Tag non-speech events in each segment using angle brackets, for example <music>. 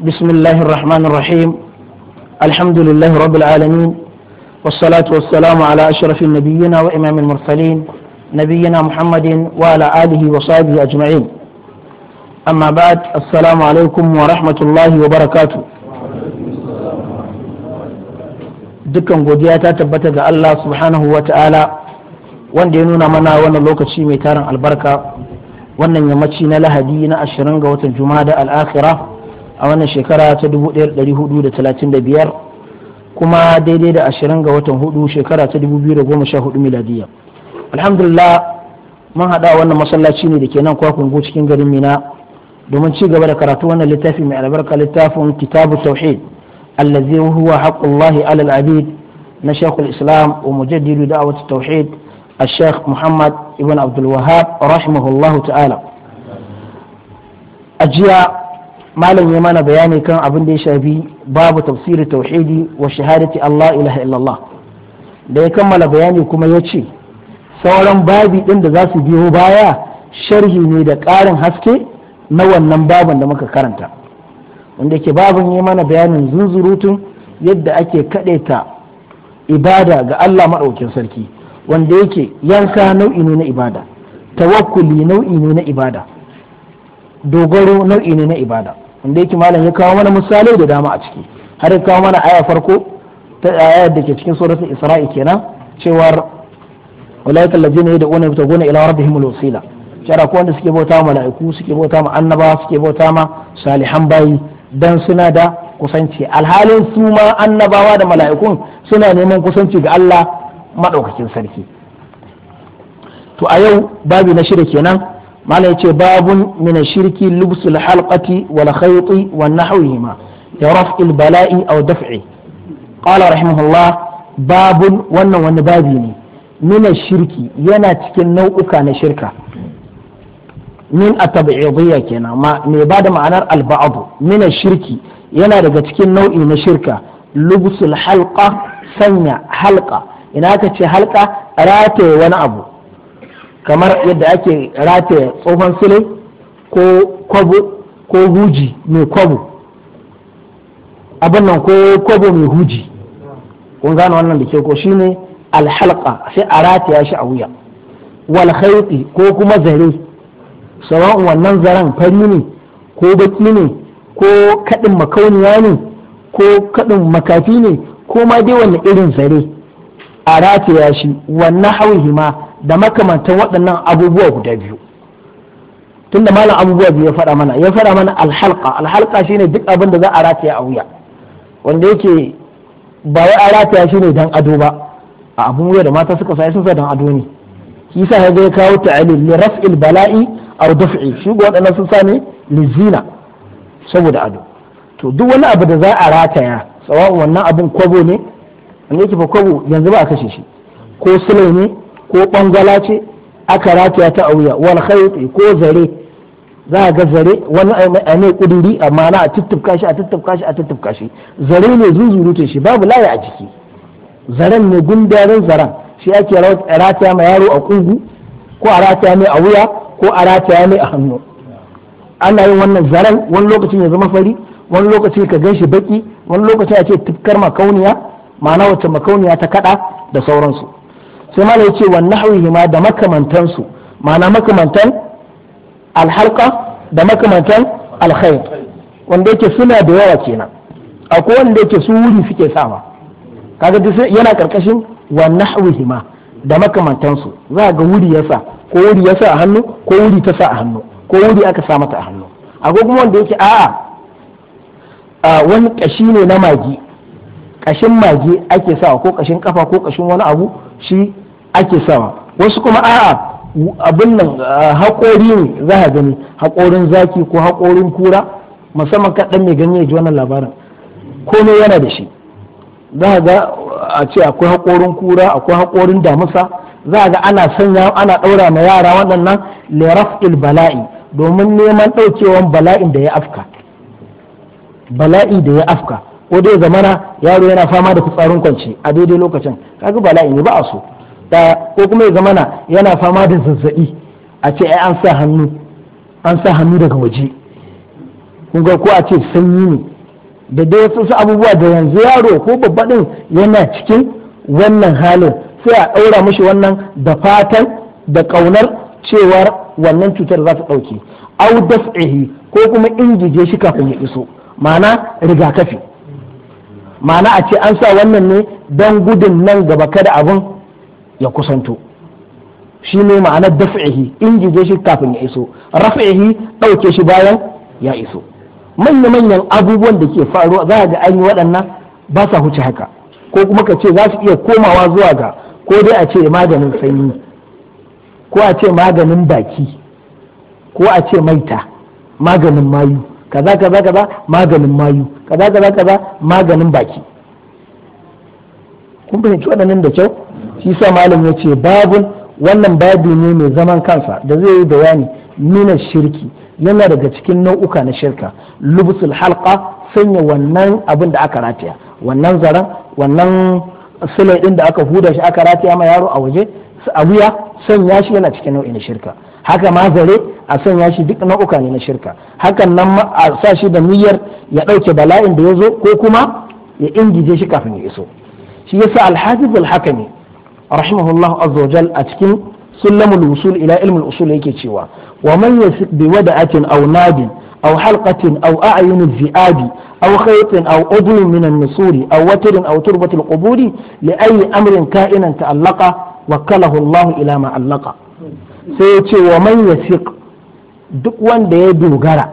بسم الله الرحمن الرحيم الحمد لله رب العالمين والصلاة والسلام على أشرف النبيين وإمام المرسلين نبينا محمد وعلى آله وصحبه أجمعين أما بعد السلام عليكم ورحمة الله وبركاته dukkan godiya ta tabbata ga Allah subhanahu wa ta'ala wanda ya nuna mana wannan lokaci mai tarin albarka wannan yammaci na lahadi na ashirin ga watan juma'a da al'akhirah a wannan shekara ta 1435 kuma daidai da 20 ga watan hudu shekara ta 2014 miladiya alhamdulillah mun haɗa wannan masallaci ne da ke nan go cikin garin mina domin ci gaba da karatu wannan littafi mai albarka littafin kitabu tauhid allazi huwa haqqullahi alal abid na shekul islam wa mujaddidu da'awat tauhid الشيخ محمد ابن عبد الوهاب رحمه الله تعالى أجياء malam ya mana bayani kan abin da ya shafi babu tafsiri tauhidi wa shahadati Allah ilaha illallah da ya kammala bayani kuma ya ce sauran babi ɗin da za su biyo baya sharhi ne da ƙarin haske na wannan babin da muka karanta wanda ke babin ya mana bayanin zunzurutun yadda ake kaɗaita ibada ga Allah maɗaukin sarki wanda yake yanka nau'i ne na ibada tawakkuli nau'i ne na ibada dogaro nau'i ne na ibada inda yake malam ya kawo mana misalai da dama a ciki har ya kawo mana aya farko ta aya da ke cikin suratul isra'i kenan cewar ulaika allazina yad'una yabtaguna ila rabbihim alwasila cewa ko wanda suke bauta ma mala'iku suke bauta ma annabawa suke bauta ma salihan bayi dan suna da kusanci alhalin su ma annabawa da mala'ikun suna neman kusanci ga Allah madaukakin sarki to a yau babi na shida kenan mala yace babun mina shirki lubsul halqati wal khayti wan nahwihima ya raf'il bala'i aw daf'i qala rahimahullah babun wannan wani babi ne min shirki yana cikin nau'uka na shirka min at-tabi'idiyya kenan ma me bada ma'anar al-ba'd shirki yana daga cikin nau'i na shirka lubsul halqa sanya halqa ina ka ce halqa rataye wani abu kamar yadda ake rataye tsohon silin ko kwabo ko huji mai kwabo abin nan ko kwabo mai huji kun gane wannan da ke ko shi ne alhalqa sai a rataya shi a wuya wal ko kuma zare sauran wannan zaren fari ne ko baki ne ko kaɗin makauniya ne ko kadin makafi ne ko ma dai wani irin zare a rataya shi wannan hauhi ma da makamantan waɗannan abubuwa guda biyu tunda malam abubuwa biyu ya faɗa mana ya faɗa mana alhalka shi shine duk abin da za a rataya a wuya wanda yake ba wai a rataya shi ne dan ado ba a abun wuya da mata suka sa sun sa dan ado ne shi sa ya kawo ta'alil li raf'il bala'i aw daf'i shi ga waɗannan sun sa ne lizina saboda ado to duk wani abu da za a rataya tsawon wannan abun kwabo ne wanda yake fa kwabo yanzu ba a kashe shi ko sulai ne ko bangala ce aka rataya ta a wuya wal khayt ko zare za a ga zare wani a ne kuduri amma na a tuttuka shi a tuttuka shi a tuttuka shi zare ne zuzurutun shi babu laye a jiki zaren ne gundarin zaren shi ake rataya ma yaro a kugu ko a rataya ne a wuya ko a rataya ne a hannu ana yin wannan zaren wani lokacin ya zama fari wani lokacin ka gan shi baki wani lokacin a ce tufkar makauniya ma'ana wacce makauniya ta kaɗa da sauransu sai mana yace wa nahwihi ma da makamantansu ma'ana makamantan alhalka da makamantan alkhair wanda yake suna da yawa kenan akwai wanda yake su wuri suke sawa kaga duk yana karkashin wa nahwihi ma da makamantansu za ga wuri yasa ko wuri yasa a hannu ko wuri ta sa a hannu ko wuri aka sa mata a hannu akwai kuma wanda yake a'a wani kashi ne na magi kashin mage ake sawa ko kashin kafa ko kashin wani abu shi ake sawa wasu kuma a'a abin nan haƙori ne za a gani haƙorin zaki ko haƙorin kura musamman kaɗan mai ganye ji wannan labarin komai yana da shi za a ga a ce akwai haƙorin kura akwai haƙorin damusa za a ga ana sanya ana ɗaura ma yara waɗannan leraf il bala'i domin neman ɗaukewan bala'in da ya afka bala'i da ya afka ko dai zamana yaro yana fama da fitsarin kwance a daidai lokacin kaga bala'i ne ba a so da ko kuma ya na yana fama da zazzabi a ce ai an sa hannu an sa hannu daga waje kun ga ko a ce sanyi ne da dai wasu abubuwa da yanzu yaro ko babba din yana cikin wannan halin sai a ɗaura mashi wannan da fatan da ƙaunar cewar wannan cutar za ta ɗauke au das'ihi ko kuma ingije shi kafin ya iso ma'ana rigakafi ma'ana a ce an sa wannan ne don gudun nan gaba kada abin ya kusanto shi ne ma'anar dafi'ihi injije shi kafin ya iso rafi'ihi ɗauke shi bayan ya iso manya-manyan abubuwan da ke faruwa za a ga an yi waɗannan ba sa huce haka ko kuma ka ce za su iya komawa zuwa ga ko dai a ce maganin sanyi ko a ce maganin baki ko a ce maita maganin mayu kaza kaza kaza maganin mayu kaza kaza kaza maganin baki kun fahimci waɗannan da kyau shi sa malam ya ce babun wannan babu ne mai zaman kansa da zai yi bayani nuna shirki yana daga cikin nau'uka na shirka lubusul halka sanya wannan abin da aka rataya wannan zaren wannan silai din da aka huda shi aka rataya ma yaro a waje a wuya sanya shi yana cikin nau'in shirka haka ma zare a sanya shi duk nau'uka ne na shirka hakan nan a sa shi da niyyar ya ɗauke bala'in da ya zo ko kuma ya ingije shi kafin ya iso shi yasa haka ne. rahimahullahu azza a cikin sulamul wusul ila ilmul usul yake cewa wa man yasik bi wada'atin au nadin au halqatin au a'yunil zi'abi aw khaytin au udun min an-nusuri aw watrin aw turbatil quburi li ayi amrin ka'inan ta'allaqa wakkalahu Allah ila ma sai ya ce wa man duk wanda ya dogara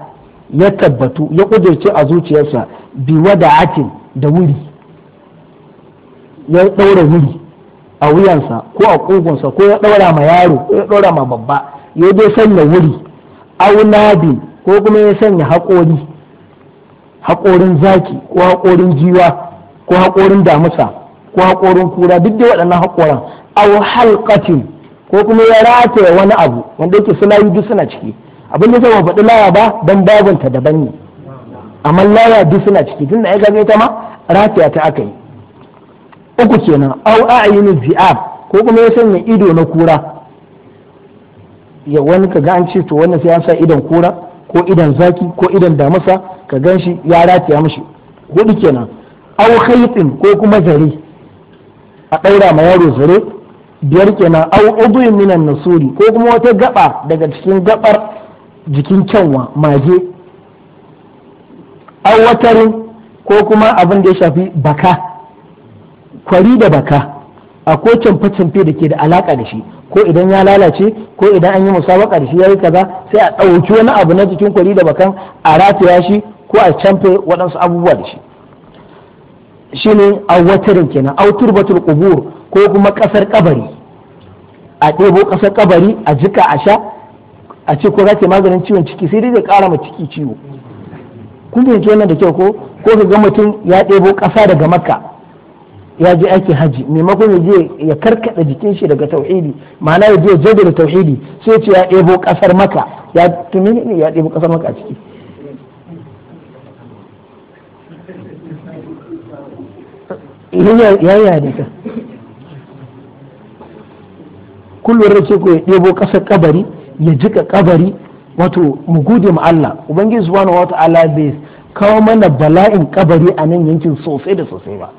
ya tabbatu ya kudirce a zuciyarsa bi wada'atin da wuri ya ɗaura wuri a wuyansa ko a ƙugunsa ko ya ɗaura ma yaro ko ya ɗora ma babba ya dai sanya wuri aunadi ko kuma ya sanya haƙori haƙorin zaki ko haƙorin jiwa ko haƙorin damusa ko haƙorin kura duk da waɗannan haƙoran au halqatin ko kuma ya rataya wani abu wanda yake suna yi duk suna ciki abin da zai ba faɗi laya ba dan babunta daban ne amma laya duk suna ciki tunda ya gaje ta ma rataya ta aka yi uku kenan au a'yinu zi'ab ko kuma ya sanya ido na kura ya wani ka ga an ce to wannan sai ya sa idan kura ko idan zaki ko idan damasa ka gan shi ya rataya mishi hudu kenan au khaytin ko kuma zare a ɗaura ma yaro zare biyar kenan au uduin minan nasuri ko kuma wata gaba daga cikin gabar jikin kyanwa mage au watarin ko kuma abin da ya shafi baka kwari da baka akwai camfe canfe da ke da alaka da shi ko idan ya lalace ko idan an yi musabaka da shi ya yi kaza sai a ɗauki wani abu na jikin kwari da bakan a rataya shi ko a canfe waɗansu abubuwa da shi shi ne awatarin kenan auturbatul qubur ko kuma ƙasar kabari a ɗebo ƙasar kabari a jika a sha a ce ko za maganin ciwon ciki sai dai zai ƙara ma ciki ciwo kun fahimci wannan da kyau ko ko ka ga mutum ya ɗebo ƙasa daga makka ya je ake haji maimakon ya je ya karkada jikin shi daga tauhidi ma'ana ya je da tauhidi sai ce ya ɗebo ƙasar maka ya tuni ne ya ɗebo ƙasar maka a ciki ya yi hadisa kullum ce ko ya ɗebo ƙasar kabari ya jika kabari wato mu gode ma Allah ubangiji subhanahu wa ta'ala bai kawo mana bala'in kabari a nan yankin sosai da sosai ba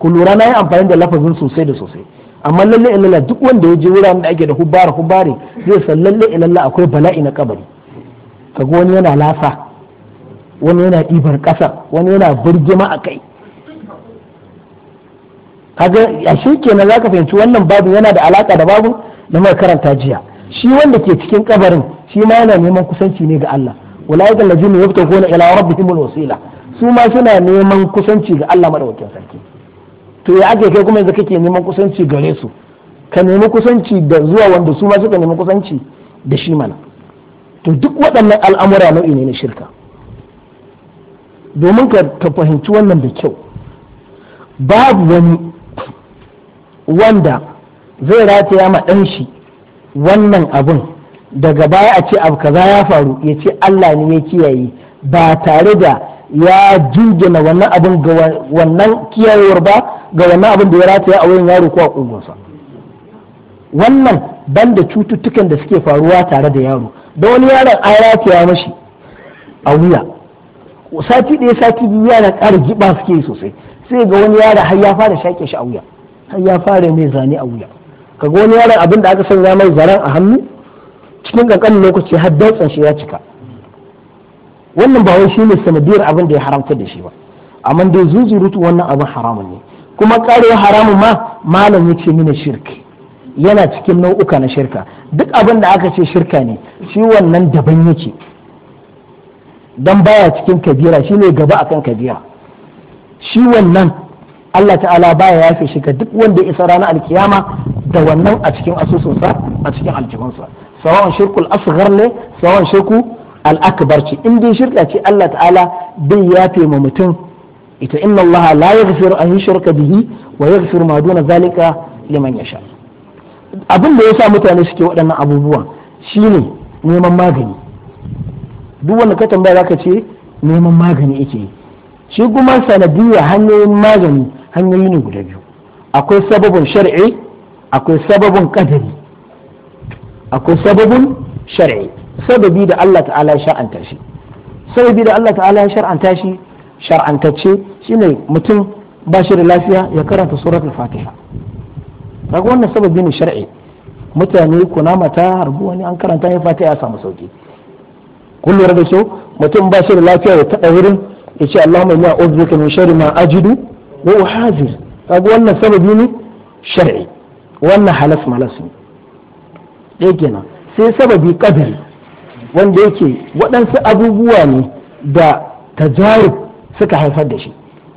ku lura na yi amfani da lafazin sosai da sosai amma lalle ilalla duk wanda ya je wuraren da ake da hubbara hubbare zai san lalle ilalla akwai bala'i na kabari kaga wani yana lasa wani yana ibar ƙasa wani yana birgima a kai kaga a shi kenan zaka fahimci wannan babu yana da alaka da babin na mai karanta jiya shi wanda ke cikin kabarin shi ma yana neman kusanci ne ga Allah ulaika allazina yabtaguna ila rabbihimul wasila su ma suna neman kusanci ga Allah madaukakin sarki to ya ake kai kuma yanzu kake neman kusanci gare su ka nemi kusanci da zuwa wanda su ma suka nemi kusanci da shi mana to duk waɗannan al'amura nau'i ne na shirka domin ka fahimci wannan da kyau babu wani wanda zai rataya ma ɗan shi wannan abin daga baya a ce abu kaza ya faru ya ce Allah ne ya kiyaye ba tare da ya jingina wannan abin ga wannan kiyayewar ba ga wannan abin da ya rataya a wurin yaro ko a kungonsa wannan banda cututtukan da suke faruwa tare da yaro da wani yaron an rataya mashi a wuya sati ɗaya sati biyu yana ƙara giɓa suke yi sosai sai ga wani yaron har ya fara shaƙe shi a wuya har ya fara mai zane a wuya kaga wani yaron abin da aka sanya mai zaren a hannu cikin ƙanƙanin lokaci har dantsan shi ya cika wannan ba wai shi ne sanadiyar abin da ya haramta da shi ba amma dai zuzurutu wannan abin haramun ne kuma kare haramun ma malam ya ce mini shirki yana cikin nau'uka na shirka duk abin da aka ce shirka ne shi wannan daban yake Don baya cikin kabira shi ne gaba akan kabira shi wannan Allah ta'ala baya yafe shi ga duk wanda isa rana alkiyama da wannan a cikin asusunsa a cikin aljihunsa sawan shirkul asghar ne sawan shirku al-akbar ce in dai shirka ce Allah ta'ala bai yafe ma mutum ita inna Allah la yaghfiru an yushraka bihi wa yaghfiru ma duna zalika liman yasha abin da yasa mutane suke waɗannan abubuwan shine neman magani duk wanda ka tambaya zaka ce neman magani yake shi kuma sanadiyya hanyoyin magani hanyoyi ne guda biyu akwai sababin shar'i akwai sababin qadari akwai sababin shar'i sababi da Allah ta'ala ya shar'anta shi sababi da Allah ta'ala ya shar'anta shi shar'antacce shine mutum ba shi da lafiya ya karanta al fatiha kaga wannan sababi ne shar'i mutane na ta harbu wani an karanta ya fatiha ya samu sauki kun lura da kyau mutum ba shi da lafiya ya taɗa wurin ya ce Allahumma inna a'udhu min sharri ma ajidu wa uhazir kaga wannan sababi ne shar'i wannan halas malas ne ɗaya kenan sai sababi kadari wanda yake waɗansu abubuwa ne da tajarib suka haifar da shi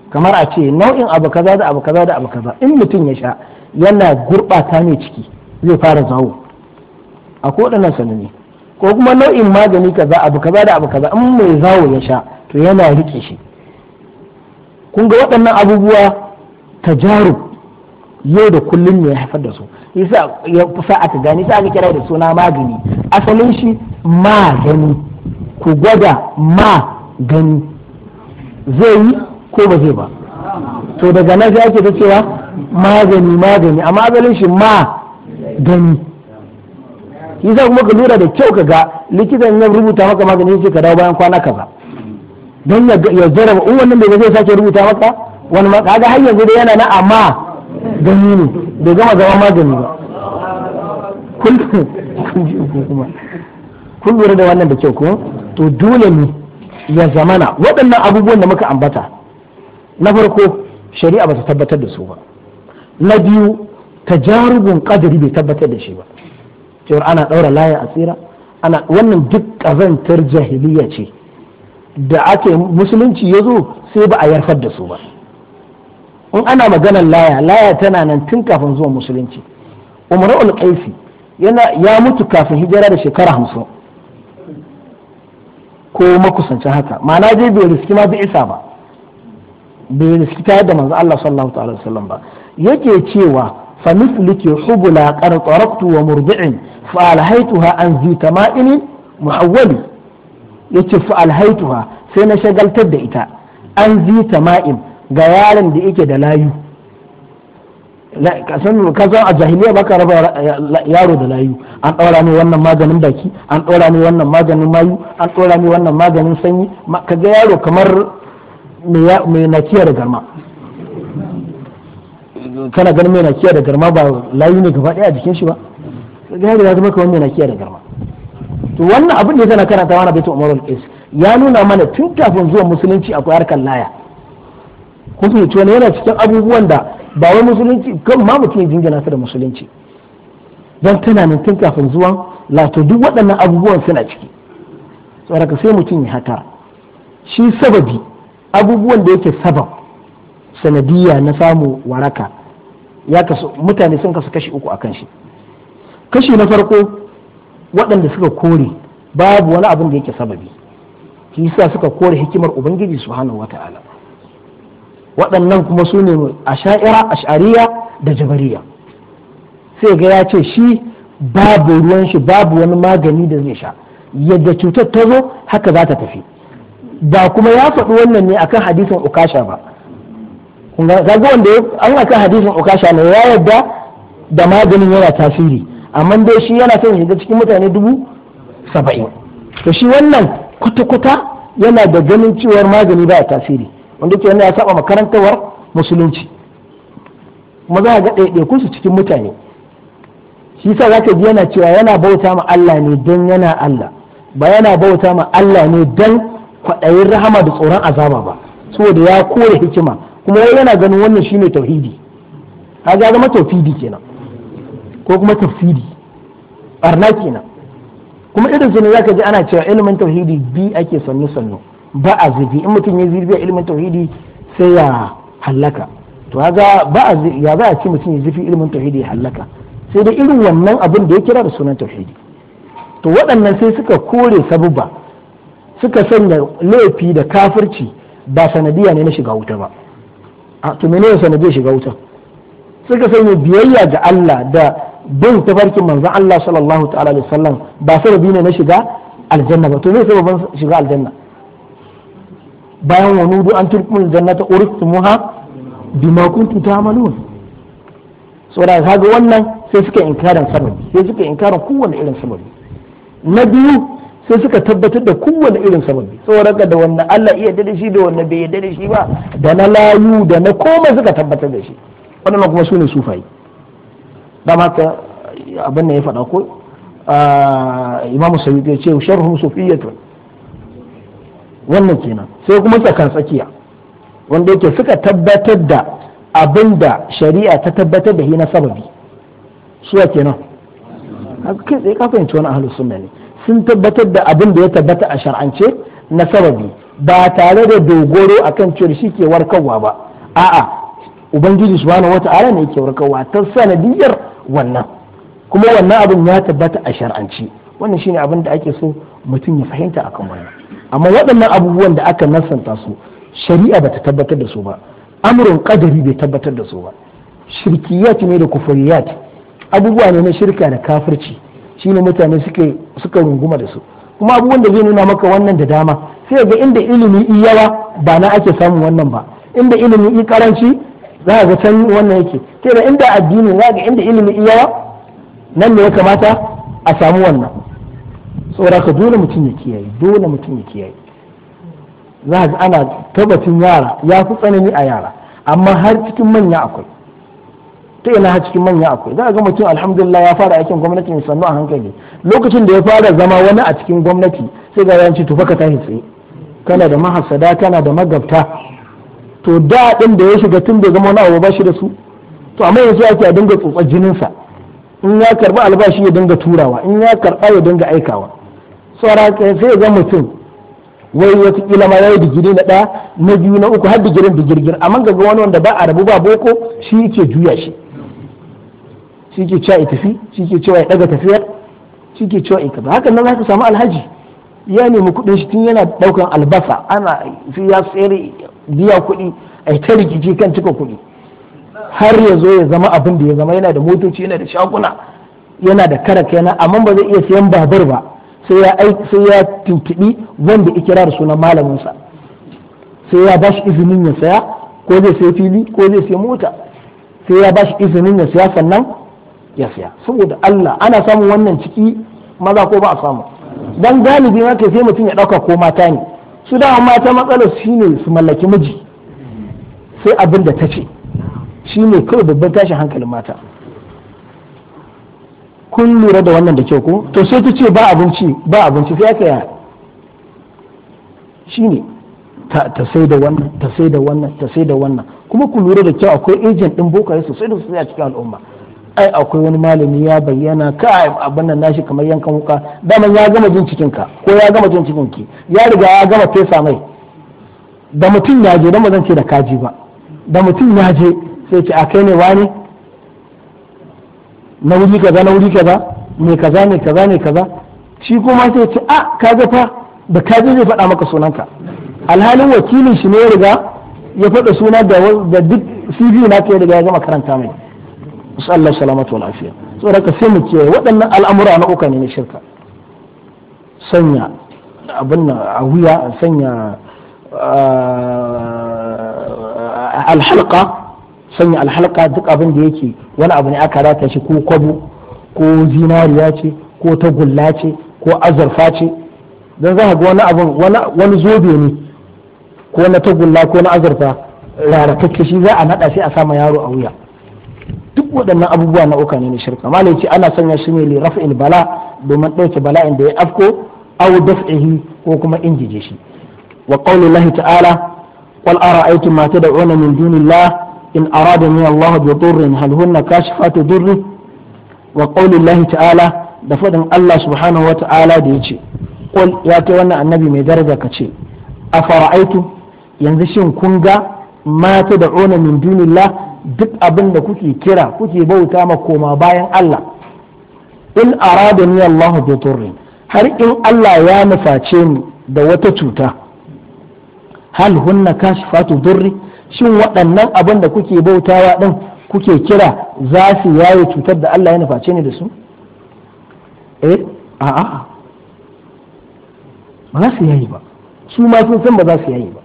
kamar a ce nau'in abu kaza da abu kaza da abu kaza in mutum ya sha yana gurɓata ne ciki zai fara zawo a nan sanani ko kuma nau'in magani kaza abu kaza da abu kaza in mai zawo ya sha to yana rike shi kun ga waɗannan abubuwa tajarub yau da kullum ne ya haifar da su yasa ya kusa aka gani sai aka kira da suna magani asalin shi ma gani ku gwada ma gani zai yi ko ba zai ba to daga nan sai ake ta cewa magani magani amma azalin shi ma gani sa kuma ka lura da kyau ka ga likitan ya rubuta maka magani sai ka dawo bayan kwana kaza don ya zara in wannan bai zai sake rubuta maka wani ma kaga har yanzu dai yana na amma gani ne bai gama zama magani ba <laughs> kun lura da wannan da kyau ko to dole ne ya zamana waɗannan abubuwan da muka ambata na farko shari'a ba ta tabbatar da su ba na biyu ta tajarubun ƙadari bai tabbatar da shi ba cewar ana ɗaura laya a tsira ana wannan duk ƙazantar jahiliya ce da ake musulunci ya zo sai ba a yarfar da su ba in ana maganar laya laya tana nan tun kafin zuwa musulunci umaru al yana ya mutu kafin hijira da shekara hamsin ko makusancin haka ma'ana dai bai riski ma bi isa ba bai riski ta yadda manzo Allah sallallahu alaihi wasallam ba yake cewa fa misliki hubula qad taraktu wa murdi'in fa alhaytuha an zi tama'in muhawwali yace fa alhaytuha sai na shagaltar da ita an zi tama'in ga yaron da yake da layu kasan kasan a jahiliya baka raba yaro da layu an ɗora ne wannan maganin baki an ɗora ne wannan maganin mayu an ɗora ne wannan maganin sanyi Ka ga yaro kamar mai nakiya da garma kana ganin mai nakiya da garma ba layu ne gaba ɗaya a jikin shi ba ga yaro ya zama kamar mai nakiya da garma to wannan abin da tana karanta wani baitul umarul qis ya nuna mana tun kafin zuwa musulunci akwai harkar laya kun fahimci wani yana cikin abubuwan da ba wai musulunci kan ma mutum ya jingina ta da musulunci don tana nan tun kafin zuwa lato duk waɗannan abubuwan suna ciki tsaraka sai mutum ya haka shi sababi abubuwan da yake sabab sanadiyya na samu waraka ya kasu mutane sun kasu kashi uku akan shi kashi na farko waɗanda suka kore babu wani abin da yake sababi shi yasa suka kore hikimar ubangiji subhanahu wata'ala waɗannan kuma su ne asha'ira ash'ariya da jabariya sai ga ya ce shi babu ruwan shi babu wani magani da zai sha yadda cutar ta zo haka za ta tafi ba kuma ya faɗi wannan ne akan hadisin ukasha ba ga wanda an akan hadisin ukasha ne ya yadda da maganin yana tasiri amma dai shi yana son shiga cikin mutane dubu saba'in to shi wannan kwata-kwata yana da ganin cewar magani ba tasiri wanda ke ya saba makarantarwar musulunci kuma za a ga ɗaiɗaikun su cikin mutane shi sa za ka ji yana cewa yana bauta ma Allah ne don yana Allah ba yana bauta ma Allah ne don kwaɗayin rahama da tsoron azaba ba saboda ya kore hikima kuma wai yana ganin wannan shine tauhidi ga zama tauhidi kenan ko kuma tafsiri barna kenan kuma irin su ne za ka ji ana cewa ilimin tauhidi bi ake sannu sannu ba a zurfi in mutum ya zurfi a ilimin tauhidi sai ya hallaka to haka ba a ya za a ce mutum ya a ilimin tauhidi ya hallaka sai dai irin wannan abin da ya kira da sunan tauhidi to waɗannan sai suka kore sabuba, suka sanya laifi da kafirci ba sanadiya ne na shiga wuta ba a to ne sanadiya shiga wuta suka sanya biyayya ga Allah da bin tafarkin manzon Allah sallallahu ta'ala alaihi wasallam ba sababi ne na shiga aljanna ba to me sababin shiga aljanna bayan wa nudu an turkumul jannata muha bima kuntum ta'malun saboda kaga wannan sai suka inkarin sababi sai suka inkarin kowanne irin sababi na biyu sai suka tabbatar da kowanne irin sababi saboda da wannan Allah iya da shi da wannan bai dade da shi ba da na layu da na komai suka tabbatar da shi wannan kuma sune sufai da maka abin ne ya faɗa ko ah, imamu sayyid ya ce sharhum sufiyatun wannan kenan sai kuma tsakan tsakiya wanda yake suka tabbatar da abin da shari'a ta tabbatar da na sababi suwa kenan kai tsaye ka fahimci wani ahlus sunna ne sun tabbatar da abin da ya tabbata a shar'ance na sababi ba tare da dogoro akan cewa shi ke warkarwa ba a'a ubangiji subhanahu wata'ala ne yake warkarwa ta sanadiyar wannan kuma wannan abin ya tabbata a shar'ance wannan shine abin da ake so mutum ya fahimta akan wannan amma waɗannan abubuwan da aka nasanta su shari'a ba ta tabbatar da su ba amurin ƙadari bai tabbatar da su ba shirkiyat ne da kufuriyat abubuwa ne na shirka da kafirci shine mutane suke suka runguma da su kuma abubuwan da zai nuna maka wannan da dama sai ga inda ilimi iyawa yawa ba na ake samun wannan ba inda ilimi i karanci za ga can wannan yake sai da inda addini za ga inda ilimi iyawa yawa nan ne ya kamata a samu wannan saboda ka dole mutum ya kiyaye dole mutum ya kiyaye za ga ana tabbacin yara ya fi tsanani a yara amma har cikin manya akwai ta ina har cikin manya akwai za ga mutum alhamdulillah ya fara aikin gwamnati ne sannu a hankali lokacin da ya fara zama wani a cikin gwamnati sai ga yanci tufa ka tashi tsaye kana da mahasada kana da magabta to da din da ya shiga tun bai zama wani abu ba shi da su to amma yanzu ake a dinga tsotsar jininsa in ya karba albashi ya dinga turawa in ya karba ya dinga aikawa saura ka sai ga mutum wai wata kila ma yayi digiri na ɗaya na biyu na uku har digirin digirgir amma ga wani wanda ba a rabu ba boko shi yake juya shi shi yake cewa ya tafi shi yake cewa ya daga tafiyar shi yake cewa ya kaza hakan nan ka samu alhaji ya nemi kuɗin shi tun yana ɗaukan albasa ana fi ya tsere biya kuɗi a ta rikici kan cika kuɗi har ya zo ya zama abin da ya zama yana da motoci yana da shaguna yana da karaka yana amma ba zai iya sayan babur ba sai ya sai ya tuntubi wanda ikirar sunan malaminsa sai ya bashi izinin ya saya ko zai sai fili ko zai sai mota sai ya bashi izinin ya saya sannan ya saya saboda Allah ana samun wannan ciki maza ko ba a samu dan galibi ma kai sai mutum ya dauka ko mata ne su da mata matsalar shine su mallaki miji sai abin da ta ce shine kawai babban tashin hankalin mata kun lura da wannan da kyau ko to sai ta ce ba abinci ba abinci sai aka shi ne ta sai da wannan ta sai da wannan ta sai da wannan kuma ku lura da kyau akwai agent din bokaye sosai da sosai a cikin al'umma ai akwai wani malami ya bayyana ka abin nan nashi kamar yankan wuka daman ya gama jin cikin ka ko ya gama jin cikin ki ya riga ya gama fesa mai da mutum ya je dan ba zan ce da kaji ba da mutum ya je sai ce a kai ne wani na wuri kaza na wuri kaza mai kaza mai kaza mai kaza shi kuma sai ce a ah, kaga fa da kaje zai faɗa maka sunanka alhalin wakilin shi ne ya riga ya faɗa suna da duk CV na ya riga ya gama karanta mai allah salamatu wal afiya da ka sai mu ce waɗannan al'amura na uka ne na shirka sanya abin a wuya sanya ah, alhalqa sanya alhalka duk abin da yake wani abu ne aka rata shi ko kwabo ko zinariya ce ko tagulla ce ko azurfa ce don za ga wani abin wani zobe ne ko na tagulla ko na azurfa rarakacce shi za a naɗa sai a sama yaro a wuya duk waɗannan abubuwa na uka ne na shirka malai ce ana sanya shi ne li raf'il bala domin ɗauke bala'in da ya afko aw daf'ihi ko kuma injije shi wa qawli ta'ala qul ara'aytum ma tad'una min dunillah إن أرادني الله بضر هل هن كاشفات ضره وقول الله تعالى دفدن الله سبحانه وتعالى ديتي قل يا كوانا النبي من درجة كتشي أفرأيتم ينزشين كنغا ما تدعون من دون الله duk abin da kuke kira kuke bauta ma koma bayan Allah in arada ni Allah bi turri har in Allah ya nuface ni da wata cuta hal hunna kashifatu durri shin waɗannan abin da kuke bautawa ɗin kuke kira za su yaye cutar da Allah ya nuface ne da su eh a'a ba za su yayi ba su ma sun san ba za su yayi ba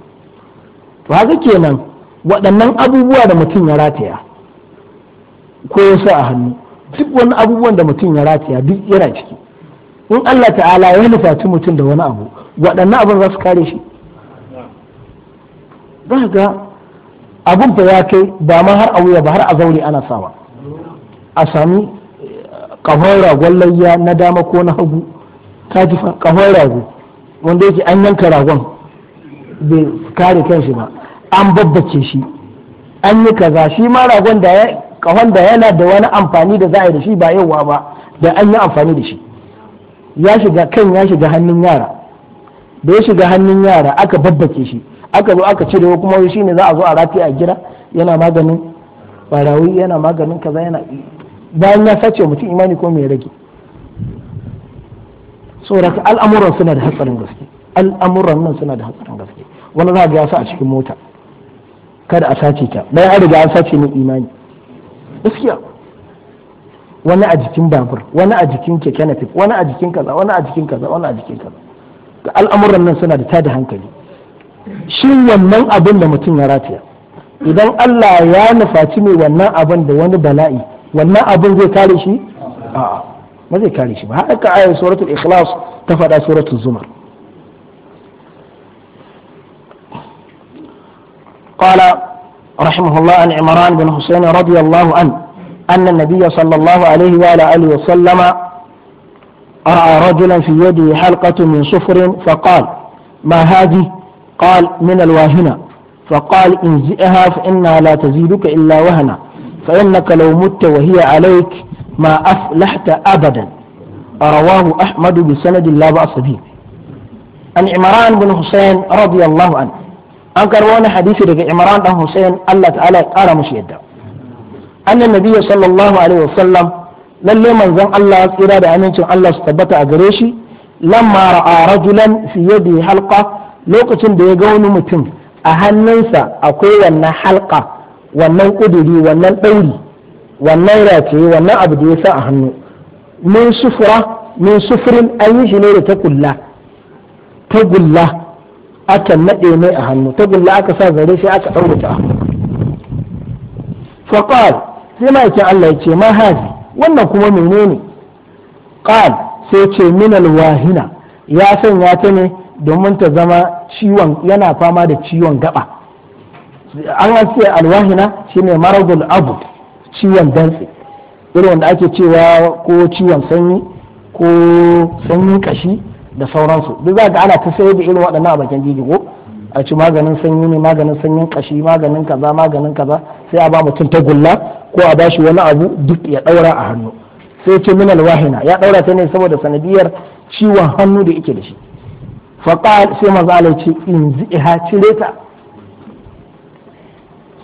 to haka kenan waɗannan abubuwa da mutum ya rataya ko ya sa a hannu duk wani abubuwan da mutum ya rataya duk yana ciki in Allah ta'ala ya nufaci mutum da wani abu waɗannan abin za su kare shi za ga abin fa ya kai ba ma har a wuya ba har a zaure ana sawa a sami kahon eh, ragon layya na dama ko na hagu ka ji kahon rago wanda yake an yanka ragon bai kare kanshi ba an babbace shi an yi kaza shi ma ragon da ya kahon da yana da wani amfani da za a yi da shi ba yawa ba da an yi amfani da shi ya shiga kan ya shiga hannun yara da ya shiga hannun yara aka babbace shi aka zo aka cire kuma shi ne za a zo a rafi a gida yana maganin barawi yana maganin kaza yana bayan ya sace mutum imani ko mai rage saboda al'amuran suna da hatsarin gaske al'amuran nan suna da hatsarin gaske wani za ga ya sa a cikin mota kada a sace ta bayan an riga an sace min imani gaskiya wani a jikin babur wani a jikin keke wani a jikin kaza wani a jikin kaza wani a jikin kaza al'amuran nan suna da tada hankali shi wannan abin da mutum ya rataya idan Allah ya nufaci mai wannan abin da wani bala'i wannan abin zai kare shi a'a ba zai kare shi ba haka ayar suratul ikhlas ta faɗa suratul zumar قال رحمه الله عن عمران بن حسين رضي الله عنه أن النبي صلى الله عليه وعلى آله وسلم رأى رجلا في يده حلقة من صفر فقال ما هذه قال من الواهنة فقال انزئها فإنها لا تزيدك إلا وهنا فإنك لو مت وهي عليك ما أفلحت أبدا رواه أحمد بسند لا بأس به عن عمران بن حسين رضي الله عنه أنكر وانا حديث لك عمران بن حسين الله تعالى قال مش يدع أن النبي صلى الله عليه وسلم lalle manzon Allah tsira da amincin Allah su tabbata a gare shi lamma ra'a rajulan fi yadi halqa lokacin da ya ga wani mutum a hannunsa akwai wannan halka wannan ƙuduri wannan ɗauri wannan race wannan abu da ya sa a hannu min sufura min sufurin an yi shi ne da tagulla tagulla aka naɗe mai a hannu tagulla aka sa zare sai aka ɗaure ta hannu faqal sai yake Allah ya ce ma hazi wannan kuma menene qal sai ce min alwahina ya sanya ta ne domin ta zama ciwon yana fama da ciwon gaba an an alwahina shine maragul abu ciwon dantse irin wanda ake cewa ko ciwon sanyi ko sanyin kashi da sauransu duk za ga ana ta sayar da irin waɗannan a bakin jijigo a ci maganin sanyi ne maganin sanyin kashi maganin kaza maganin kaza sai a ba mutum gulla ko a bashi wani abu duk ya ɗaura a hannu sai ce min alwahina ya ɗaura ta ne saboda sanadiyar ciwon hannu da yake da shi faƙal sai mazala ce in eh, ha cire ta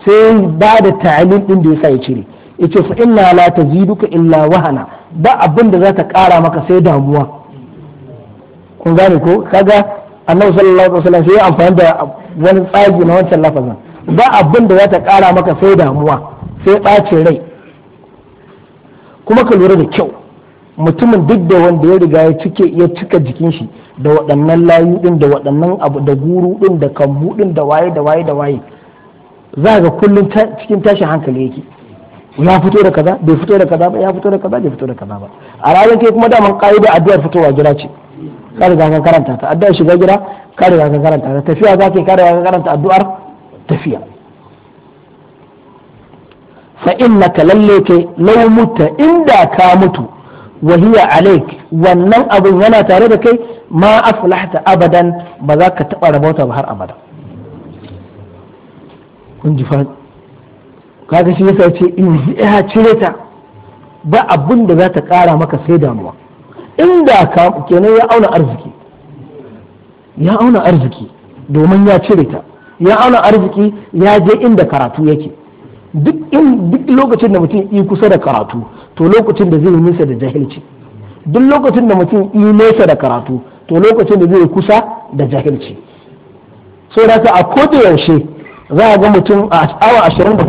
sai ba da ta'alil ɗin da ya sa ya cire ya ce fa inna la taziduka illa wahana ba abin da za ta ƙara maka sai damuwa kun gane ko kaga annabi sallallahu alaihi wasallam sai ya amfani da wani tsagi na wancan lafazin ba abin da za ta ƙara maka sai damuwa sai ɓacin rai kuma ka lura da kyau mutumin duk da wanda ya riga ya cike ya cika jikin shi da waɗannan layu ɗin da waɗannan abu da guru ɗin da kambu ɗin da waye da waye da waye za ga kullum cikin tashin hankali yake ya fito da kaza bai fito da kaza ba ya fito da kaza bai fito da kaza ba a ranar kai kuma daman ƙa'ida addu'ar fitowa gida ce ka riga ka karanta ta addu'a shiga gida ka riga ka karanta ta tafiya za ka yi ka riga ka karanta addu'ar tafiya fa ka lalle kai lau mutta inda ka mutu wa hiya alaik wannan abin yana tare da kai ma aflahta abadan ba za ka taba rabauta ba har abada kun kaga shi yasa ce in ya cire ta ba abin da za ta kara maka sai damuwa inda ka kenan ya auna arziki ya auna arziki domin ya cire ta ya auna arziki ya je inda karatu yake duk in duk lokacin da mutum yi kusa da karatu to lokacin da zai nisa da jahilci duk lokacin da mutum yi nesa da karatu to lokacin da zai kusa da jahilci so da a koda yaushe za a ga mutum a awa 24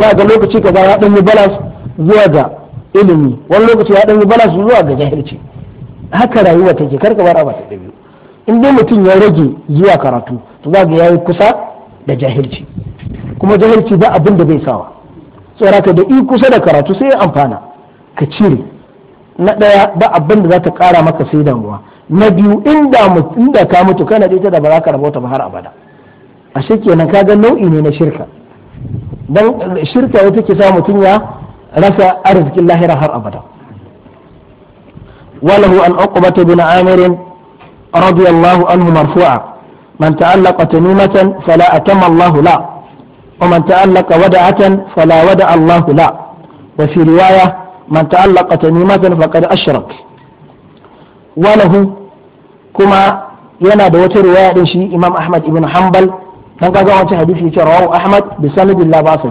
za a ga lokaci ka ya dan yi balas zuwa ga ilimi wani lokaci ya dan yi balas zuwa ga jahilci haka rayuwa take ka bara ba ta dabi in dai mutum ya rage zuwa karatu to za ga yayi kusa da jahilci kuma jahilci ba abin da bai sawa tsoraka da i kusa da karatu sai ya amfana ka cire na ɗaya ba abin da za ta kara maka sai damuwa na biyu inda ka mutu kana da ita da ba za ka rabota ba har abada a kenan ka ga nau'i ne na shirka dan shirka wata ke sa mutum ya rasa arzikin lahira har abada وله عن عقبة بن عامر رضي الله عنه مرفوعا من tanimatan تميمة فلا أتم الله ومن تعلق ودعة فلا ودع الله لا وفي رواية من تعلق تميمة فقد أشرك وله كما ينادى رواية شيء إمام أحمد بن حنبل dan kaga wancan hadisi yace rawahu ahmad bi sanadin la ba'sa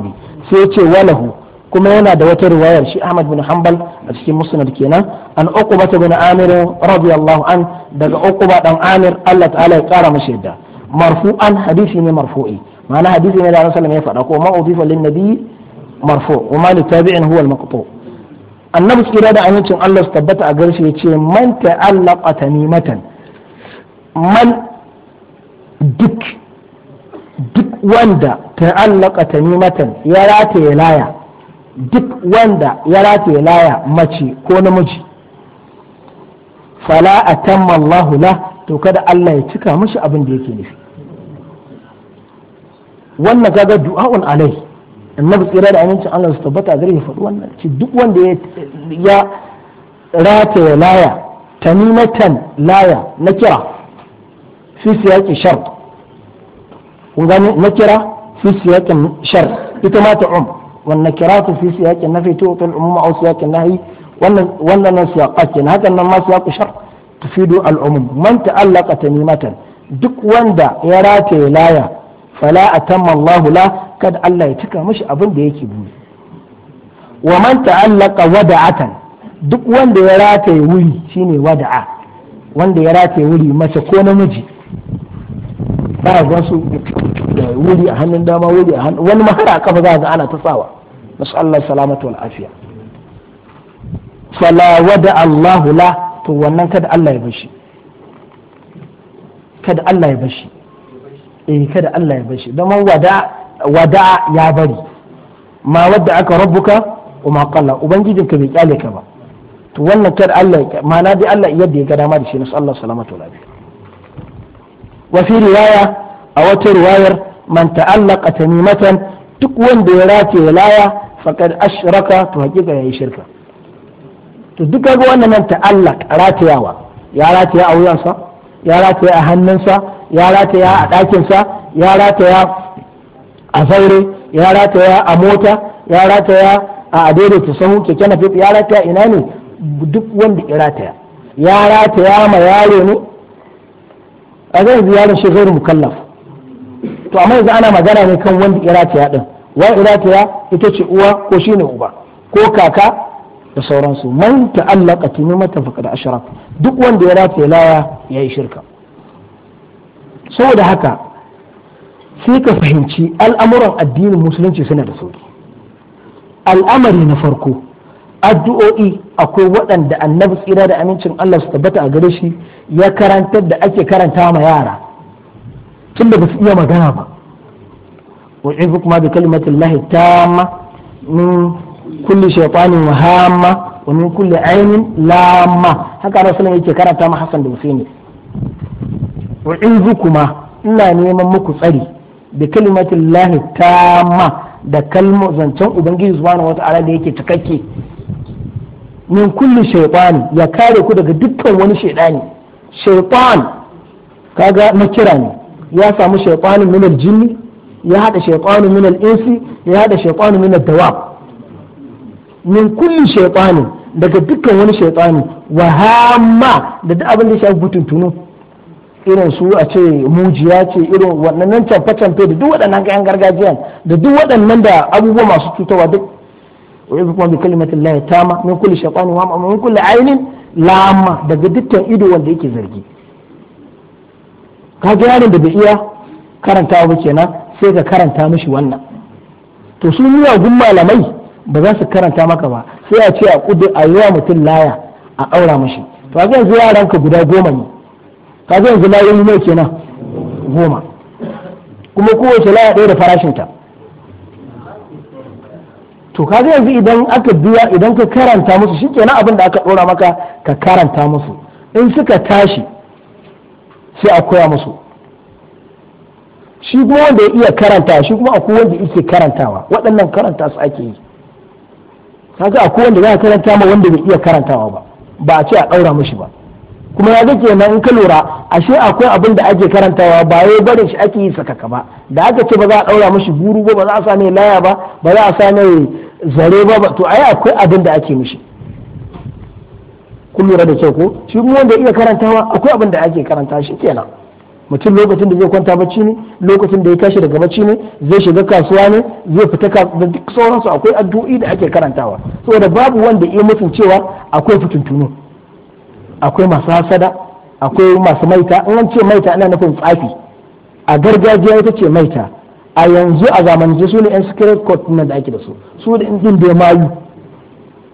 sai yace walahu kuma yana da wata riwayar shi ahmad bin hanbal a cikin musnad kenan an uqba bin amir radiyallahu an daga uqba dan amir Allah ta'ala ya kara mashi yadda marfu'an hadisi ne marfu'i ma'ana hadisi ne da salama sallallahu ya faɗa ko ma udifa lin nabi marfu wa ma li tabi'in huwa al maqtu annabi tsira da amincin Allah su tabbata a garshi ce man ta'allaqa tamimatan man duk duk wanda ta'allaqa tamimatan ya rataye laya duk wanda ya rataye laya mace ko namiji fala atamma Allah la to kada Allah ya cika mashi abin da yake nufi wannan kaga du'a'un alai annabi tsira da amincin Allah su tabbata gare ya faɗi wannan ci duk wanda ya rataya laya tanimatan laya na kira fi siyaqi shar, kun gani na kira fi siyaqin shar ita ma ta um wan nakiratu fi siyaqin nafi tu'til umma aw siyaqin nahi wannan wannan siyaqat kenan hakan nan ma siyaqi shart tufidu al umum man ta'allaqa tanimatan duk wanda ya rataya laya fala atamma Allahu la kada Allah ya cika mashi abin da yake buri wa man ta'allaqa wada'atan duk wanda ya rataye wuri shine wada'a wanda ya rataye wuri mace ko namiji ba ga su da wuri a hannun dama wuri a hannun wani mahara kafa za ga ana ta sawa nasu Allah salamatu wal afiya fala wada Allahu la to wannan kada Allah ya bashi kada Allah ya bashi eh kada Allah ya bashi zama wada wada ya bari ma wadda aka rabbuka kuma qalla ka bai kyale ka ba to wannan kada Allah ya mana dai Allah yadda ya ga dama da shi nasu Allah salamatu lafiya wa fi riwaya a wata riwayar man ta'allaqa tamimatan duk wanda ya race laya faqad ashraka to hakika yayi shirka to duk ga wannan nan ta'allaq ratayawa ya rataya a wuyansa ya rataya a hannunsa ya rataya a ɗakinsa ya rataya a saure ya rataya a mota ya rataya a ta sahu keke na ya rataya ina ne duk wanda ya rataya ya rataya ma yaro ne a zai ziyarar shi zai mukallaf to amma yanzu ana magana ne kan wanda ya rataya din wa rataya ita ce uwa ko shine uba ko kaka da sauransu man ta'allaka mata fakada ashraf duk wanda ya rataya laya yayi shirka saboda haka sai ka fahimci al'amuran addinin musulunci suna da sauki al'amari na farko addu'o'i akwai waɗanda annabi tsira da amincin Allah su tabbata a gare shi ya karantar da ake karanta ma yara tun da su iya magana ba wa kuma bi lahi tamma min kulli shaytanin wa hamma wa min kulli ainin lamma haka rasulun yake karanta ma Hassan da Husaini wa izukuma ina neman muku tsari da kalimatin lahi ma da kalmo zancen ubangiji subhanahu wata'ala da yake cikakke min kulli shaytan ya kare ku daga dukkan wani shaytani shaytan kaga na kira ne ya samu shaytanin min jini ya hada shaytanin min insi ya hada shaytanin min dawab min kulli shaytanin daga dukkan wani shaytani wa hamma da duk abin da ya shafi butuntunu irin su a ce mujiya ce irin waɗannan canfe-canfe da duk waɗannan kayan gargajiyan da duk waɗannan da abubuwa masu cutarwa duk wa yanzu kuma bi kalimatin lahi tama min kulli shaƙwani wa min kulli ainin lama daga dukkan ido wanda yake zargi Ka ji yaron da bai iya karanta ba kenan sai ka karanta mishi wannan to su miyagun malamai ba za su karanta maka ba sai a ce a kudu a yi wa mutum laya a aura mashi to a yanzu yaran ka guda goma ne kaga yanzu layoyi mai kenan goma kuma kowace laya ɗaya da farashinta to kaga yanzu idan aka biya idan ka karanta musu shi kenan abin da aka ɗora maka ka karanta musu in suka tashi sai a koya musu shi kuma wanda ya iya karanta shi kuma akwai wanda yake karantawa waɗannan karanta su ake yi kaga akwai wanda za a karanta ma wanda bai iya karantawa ba ba a ce a ɗaura mishi ba kuma ya zake nan in ka lura ashe akwai abin da ake karantawa ba barin shi ake yi sakaka ba da aka ce ba za a ɗaura mashi buru ba ba za a sa mai laya ba ba za a sa mai zare ba to ai akwai abin da ake mishi kun lura da kyau ko shi mu wanda iya karantawa akwai abin da ake karanta shi kenan mutum lokacin da zai kwanta bacci ne lokacin da ya tashi daga bacci ne zai shiga kasuwa ne zai fita da duk sauransu akwai addu'o'i da ake karantawa saboda babu wanda iya mutum cewa akwai fitintunu akwai masu hasada akwai masu maita in an ce maita ina nufin tsafi a gargajiya ita ce maita a yanzu a zamanin su ne yan secret court nan da ake da su su da din da mayu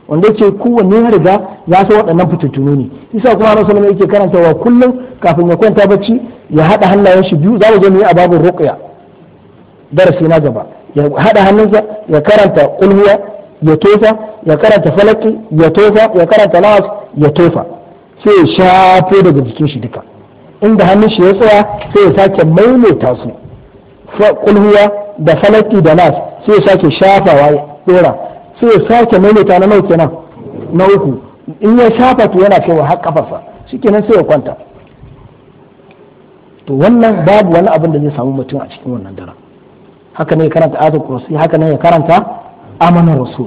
wanda ce kowanne ya riga ya san waɗannan fitattunu ne isa kuma ana sallama yake karantawa kullum kafin ya kwanta bacci ya haɗa hannayen shi biyu za mu zo mu yi a babu ruqya darasi na gaba ya haɗa hannunsa ya karanta kulhuwa ya tofa ya karanta falaki ya tofa ya karanta lawas ya tofa sai ya shafo daga jikin shi duka inda hannun shi ya tsaya sai ya sake maimaita su kulhuwa da falaki da nas sai ya sake shafawa dora sai ya sake maimaita na nauke nan na uku in ya shafa to yana cewa har kafarsa shikenan sai ya kwanta to wannan babu wani abin da zai samu mutum a cikin wannan daren haka ne ya karanta ayatul kursi haka ne ya karanta amanar rasul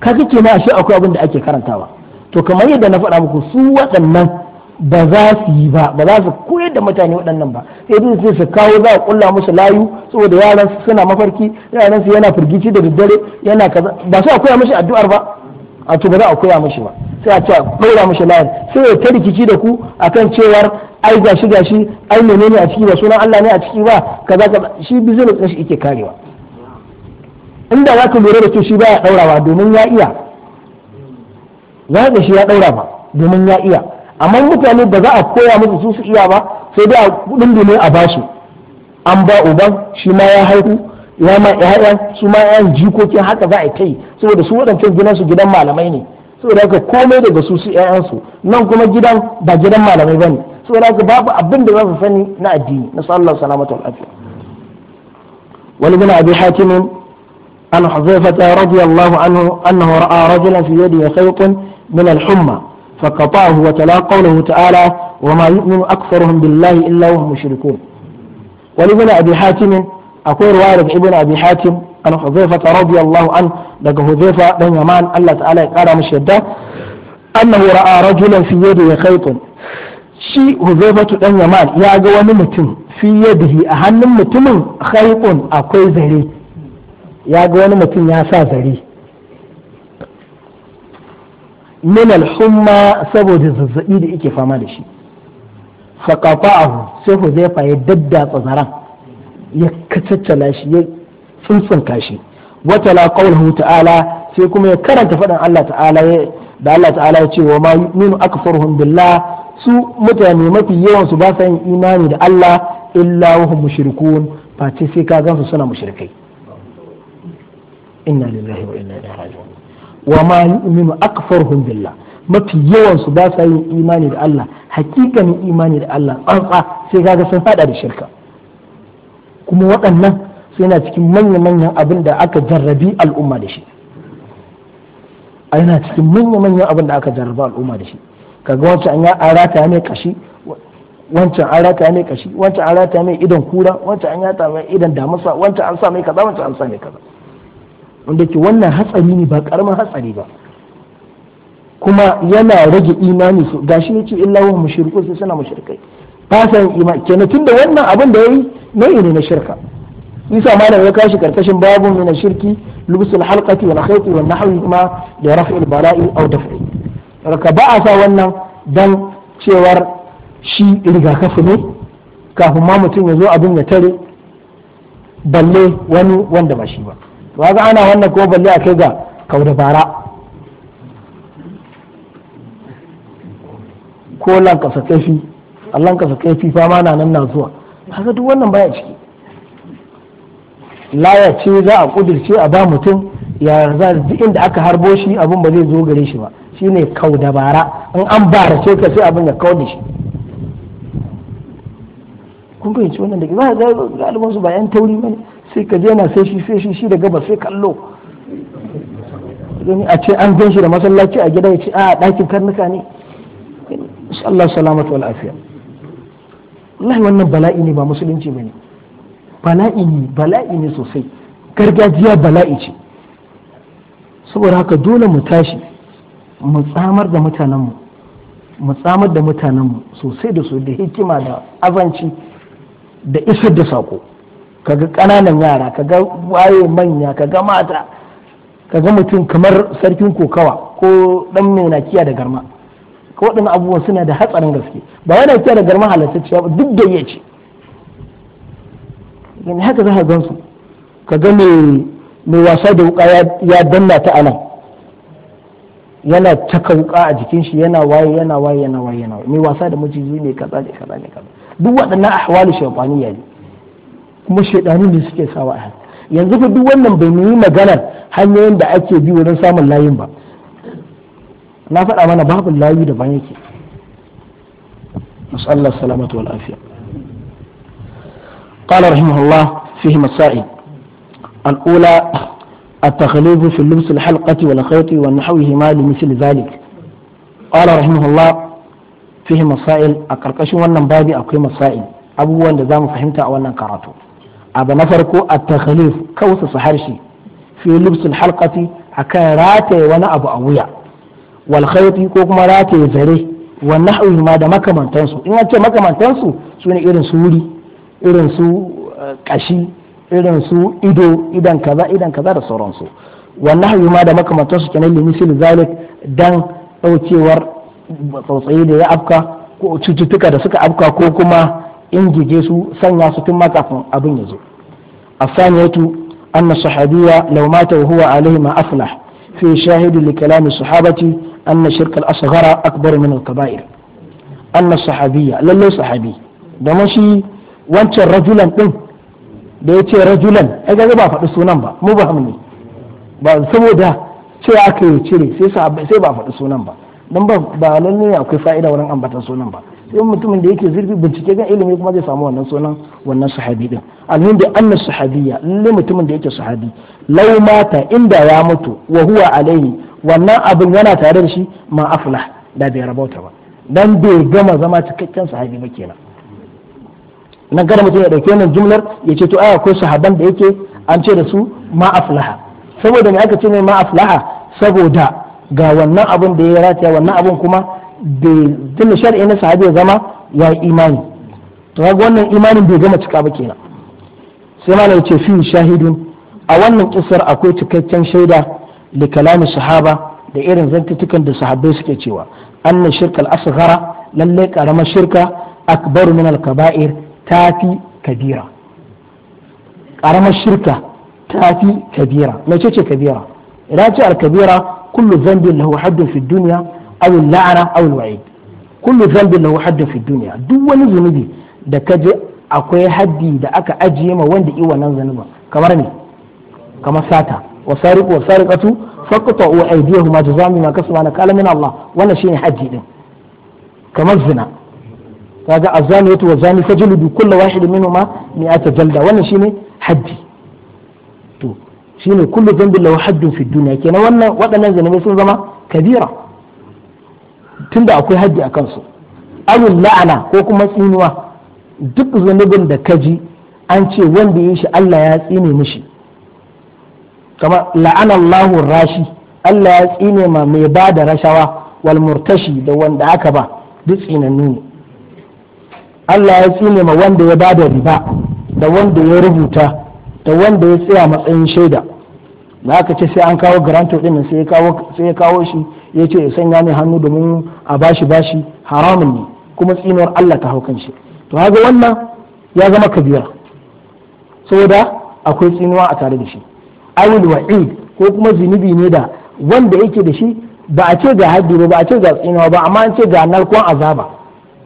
kaga kenan ashe akwai abin da ake karantawa to kamar yadda na faɗa muku su waɗannan ba za su yi ba ba za su koyar da mutane waɗannan ba sai dai sai su kawo za a kulla musu layu saboda yaran su suna mafarki yaran su yana firgici da daddare yana kaza ba su a koya mishi addu'ar ba a to ba za a koya mishi ba sai a ce a koya mishi layin sai ya ta rikici da ku akan cewar ai gashi gashi ai menene a ciki ba sunan Allah ne a ciki ba kaza kaza shi bizinin shi yake karewa inda za ka lura da to shi baya ɗaurawa domin ya iya za ga shi ya daura ba domin ya iya amma mutane ba za a koya musu su su iya ba sai dai a kudin domin a basu an ba uban shi ma ya haihu ya ma suma su ma jikokin haka za a kai saboda su gidan gidansu gidan malamai ne saboda haka komai daga su su su nan kuma gidan ba gidan malamai bane saboda haka babu abin da za su sani na addini na sallallahu salamatu wal afiya wani bin abi hakimin an huzaifata radiyallahu anhu annahu ra'a rajulan fi yadihi khaytun من الحمى فقطعه وتلا قوله تعالى وما يؤمن أكثرهم بالله إلا وهم مشركون ولابن أبي حاتم أقول وارد ابن أبي حاتم أن حذيفة رضي الله عنه لك حذيفة بن يمان الله تعالى قال مشهدا أنه رأى رجلا في يده خيط shi Huzaifatu dan Yaman ya ga wani mutum fi yadihi a hannun mutumin khayqun akwai zare ya ga wani mutum ya sa zare min al-humma saboda zazzaɓi da yake fama da shi fa qata'ahu sai huzaifa ya daddatsa zaran ya kacaccala shi ya tsuntsunka shi watala tala qawluhu ta'ala sai kuma ya karanta faɗin Allah ta'ala da Allah ta'ala ya ce wa ma yu'minu aktharuhum billah su mutane mafi yawan su ba sa yin imani da Allah illa wa hum mushrikun face suna mushrikai inna lillahi wa inna ilaihi raji'un wa ma yu'minu aktharuhum billah mafi yawan su ba sa yin imani da Allah hakikanin imani da Allah tsantsa sai kaga sun fada da shirka kuma waɗannan sai na cikin manya-manyan abin da aka jarrabi al'umma da shi yana cikin manya-manyan abin da aka jarraba al'umma da shi kaga wancan an ya arata ne kashi wancan an rata ne kashi wancan an rata mai idan kura wancan an ya mai idan damusa wancan an sa mai kaza wancan an sa mai kaza wanda ke wannan hatsari ne ba karamin hatsari ba kuma yana rage imani su shi ne ce illa wa mushrikun sai suna mushrikai ba sa yin imani kenan tunda wannan abin da yayi yi ne na shirka isa malam ya kashi karkashin babu min shirki lubsul halqati wal khayti wal nahwi ma da raf'il bala'i aw daf'i raka ba a sa wannan dan cewar shi rigakafi ne kafin ma mutum ya zo abin ya tare balle wani wanda ba shi ba ba ga ana wannan ko balle a kai ga kauda bara ko lankasa kaifi a lankasa kaifi fama na nan na zuwa haka duk wannan baya ciki laya ce za a kudirce a ba mutum ya za duk inda aka harbo shi abin ba zai zo gare shi ba shine kau da bara in an barace ka sai abin ya kau da shi kun fahimci wannan da ba ga galibin su ba yan tauri bane sai ka je na sai shi sai shi shi da gaba sai kallo a ce an gan shi da masallaci a gida ya ce a ɗakin karnuka ne Allah salamatu wa lafiya Allah wannan bala'i ne ba musulunci ba ne bala'i ne bala'i ne sosai gargajiya bala'i ce saboda haka dole mu tashi mu tsamar da mutanenmu mu tsamar da mutanenmu sosai da su da hikima da azanci da isar da sako kaga kananan yara kaga waye manya kaga mata kaga mutum kamar sarkin kokawa ko dan mai nakiya da garma ko waɗannan abubuwan suna da hatsarin gaske ba wai nakiya da garma halattacciya ba duk da ya ce yani haka za ka gan su kaga mai mai wasa da wuka ya danna ta anan yana caka wuka a jikin shi yana waye yana waye yana waye yana waye mai wasa da mijiji ne kaza ne kaza ne kaza duk waɗannan ahwalu shaytaniya ne kuma shaidanu ne suke sawa a haka yanzu fa duk wannan bai yi maganar hanyoyin da ake bi wurin samun layin ba na faɗa mana babu layi daban yake masallar salamatu wal afiya قال رحمه الله فيه مسائل الأولى التخليف في لبس الحلقة والخيط ونحوهما لمثل ذلك قال رحمه الله فيه مسائل أكركش ونن بابي أو مسائل أبو ونزام فهمت أو أن abu na farko a takhalif kausa su harshe fi halkati halqati akan rataye wani abu a wuya wal ko kuma rataye zare wannan nahwihi ma da makamantansu in an ce makamantansu su ne irin su wuri irin su kashi irin su ido idan kaza idan kaza da sauransu wannan nahwihi ma da makamantansu kenan limisil zalik dan daukewar tsautsayi da ya afka ko cututtuka da suka afka ko kuma ingige su sanya su tun makafin abin ya zo asaniyatu anna sahabiya law mata huwa alaihi ma aflah fi shahidi li kalami sahabati anna shirka al-asghara akbar min al-kaba'ir anna sahabiya lalle sahabi ma shi wancan rajulan din da ya ce rajulan ai ga ba faɗi sunan ba mu ba ne ba saboda cewa aka yi cire sai ba faɗi sunan ba don ba lalle akwai fa'ida wurin ambatan sunan ba yin mutumin da yake zurfi bincike kan ilimi kuma zai samu wannan sunan wannan sahabi din almin da annas sahabiyya lalle mutumin da yake sahabi lau mata inda ya mutu wa huwa alaihi wannan abin yana tare da shi ma aflah da bai rabauta ba dan bai gama zama cikakken sahabi ba kenan na gara mutum ya dauke wannan jumlar ya ce to aya akwai sahaban da yake an ce da su ma aflaha saboda me aka ce mai ma aflaha saboda ga wannan abin da ya rataya wannan abin kuma da shar'i na sahabi ya zama ya yi imani to ga wannan imanin bai gama cika ba kenan sai malam ce fi shahidun a wannan kisar akwai cikakken shaida da kalamin sahaba da irin zantutukan da sahabbai suke cewa anna shirka al-asghara lalle karamar shirka akbaru min alkaba'ir kabair tafi kabira karamar shirka tafi kabira me ce kabira idan ce al-kabira kullu dhanbin lahu haddun fi dunya aw la'ana aw wa'id kullu dhanbin lahu haddun fi dunya duk wani zunubi da je akwai haddi da aka ajiye ma wanda yi wannan zunubin kamar ne kamar sata wa sariqu wa sariqatu faqta'u aydiyahuma jazaa'an bima kasabana kala min Allah wannan shine haddi din kamar zina kaga azaniyatu wa zani fajlidu kullu wahidin minhuma mi'ata jalda wannan shine haddi to shine kullu dhanbin lahu haddun fi dunya kenan wannan waɗannan zanubai sun zama kabira tunda akwai haddi a kansu awul la'ana ko kuma tsinuwa duk zunubin da ka ji an ce wanda ya shi Allah ya tsine mishi kamar la'ana Allahun rashi Allah ya tsine ma mai ba da rashawa wal murtashi da wanda aka ba duk tsinannu ne Allah ya tsine ma wanda ya ba da riba da wanda ya rubuta da wanda ya tsaya matsayin shaida da aka ce sai an kawo garanto din sai ya kawo shi ya ce ya sanya ni hannu domin a bashi bashi haramun ne kuma tsinuwar Allah ta haukan shi to haka wannan ya zama kabira saboda akwai tsinuwa a tare da shi awil wa'id ko kuma zinubi ne da wanda yake da shi ba a ce ga haddi ba ba a ce ga tsinuwa ba amma an ce ga narkon azaba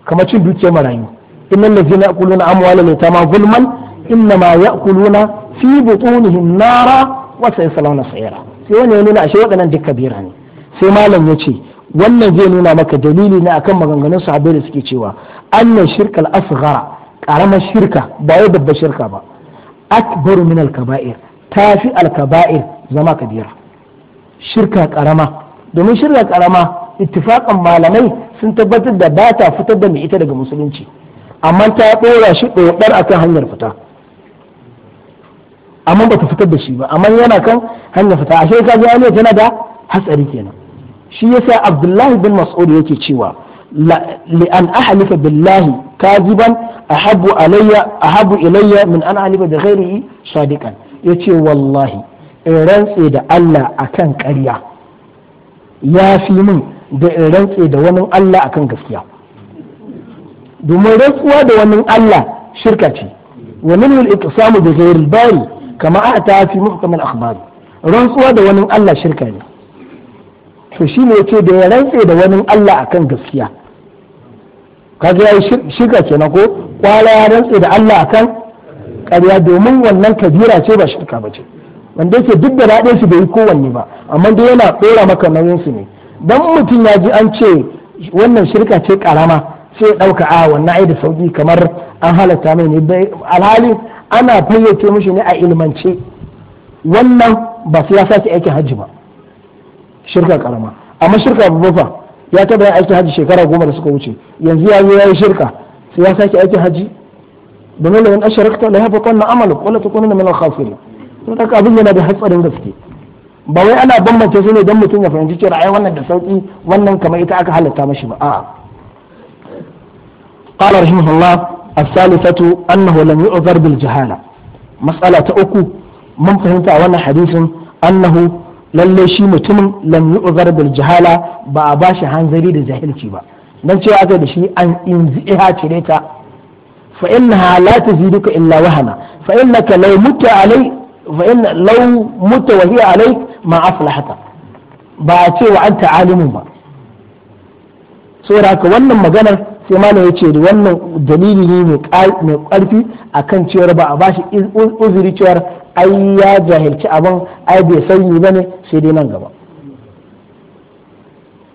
kamar cin dukiyar marayu innal ladzina yaquluna amwalal yatama zulman innama yaquluna fi butunihim nara wa sayasaluna sayara sai wani ya nuna ashe waɗannan duk kabira ne sai malam ya ce wannan zai nuna maka dalili ne akan maganganun sahabbai da suke cewa annan shirkal asghara karamar shirka ba wai babbar shirka ba akbaru min al-kaba'ir tafi al-kaba'ir zama kabira shirka karama domin shirka karama ittifaqan malamai sun tabbatar da ba ta fitar da mai ita daga musulunci amma ta dora shi dodar akan hanyar fita amma ba ta fitar da shi ba amma yana kan hanyar fita ashe ka ji tana da hatsari kenan shi yasa abdullahi bin mas'ud yake cewa li an ahlifa billahi kaziban ahabu alayya ahabu ilayya min an ahlifa bi ghairihi sadiqan yace wallahi in rantse da Allah akan ƙarya ya fi min da in rantse da wani Allah akan gaskiya domin rantsuwa da wani Allah shirka ce wa min al bi ghairi bari kama ta fi muhkam al-akhbar rantsuwa da wani Allah shirka ne to shi ne ce da ya rantse da wani Allah akan gaskiya kaga ya yi shirka kenan ko kwala ya rantse da Allah akan ƙarya domin wannan kabira ce ba shirka ba ce wanda yake duk da daɗin su bai yi kowanne ba amma dai yana ɗora maka nauyin su ne dan mutum ya ji an ce wannan shirka ce karama sai ya ɗauka a wannan ai da sauki kamar an halatta mai ne alhali ana fayyace mishi ne a ilmance wannan ba su ya sake aikin hajji ba shirka karama amma shirka babba ya taba ya aiki haji shekara goma da suka wuce yanzu ya zo ya yi shirka sai ya sake aiki haji domin da in asharakta la yahbatanna amalu wala takunanna min al-khasirin to da abin yana da hatsarin gaske ba wai ana bambance su ne don mutum ya fahimci cewa ai wannan da sauki wannan kamar ita aka halatta mashi ba a'a قال رحمه الله الثالثة أنه لم يعذر بالجهالة مسألة أكو من فهمت أولا حديث أنه lalle shi mutumin lam yu'zar bil jahala ba a bashi hanzari da jahilci ba dan cewa aka da shi an inziha cire ta fa innaha la taziduka illa wahana fa innaka law muta alai fa inna law muta wa hiya alai ma aflahata ba a cewa anta alimu ba saboda haka wannan maganar sai malam ya ce wannan dalili ne mai karfi akan cewar ba a bashi uzuri cewa ai ya jahilci abin ai bai sani ba ne sai dai nan gaba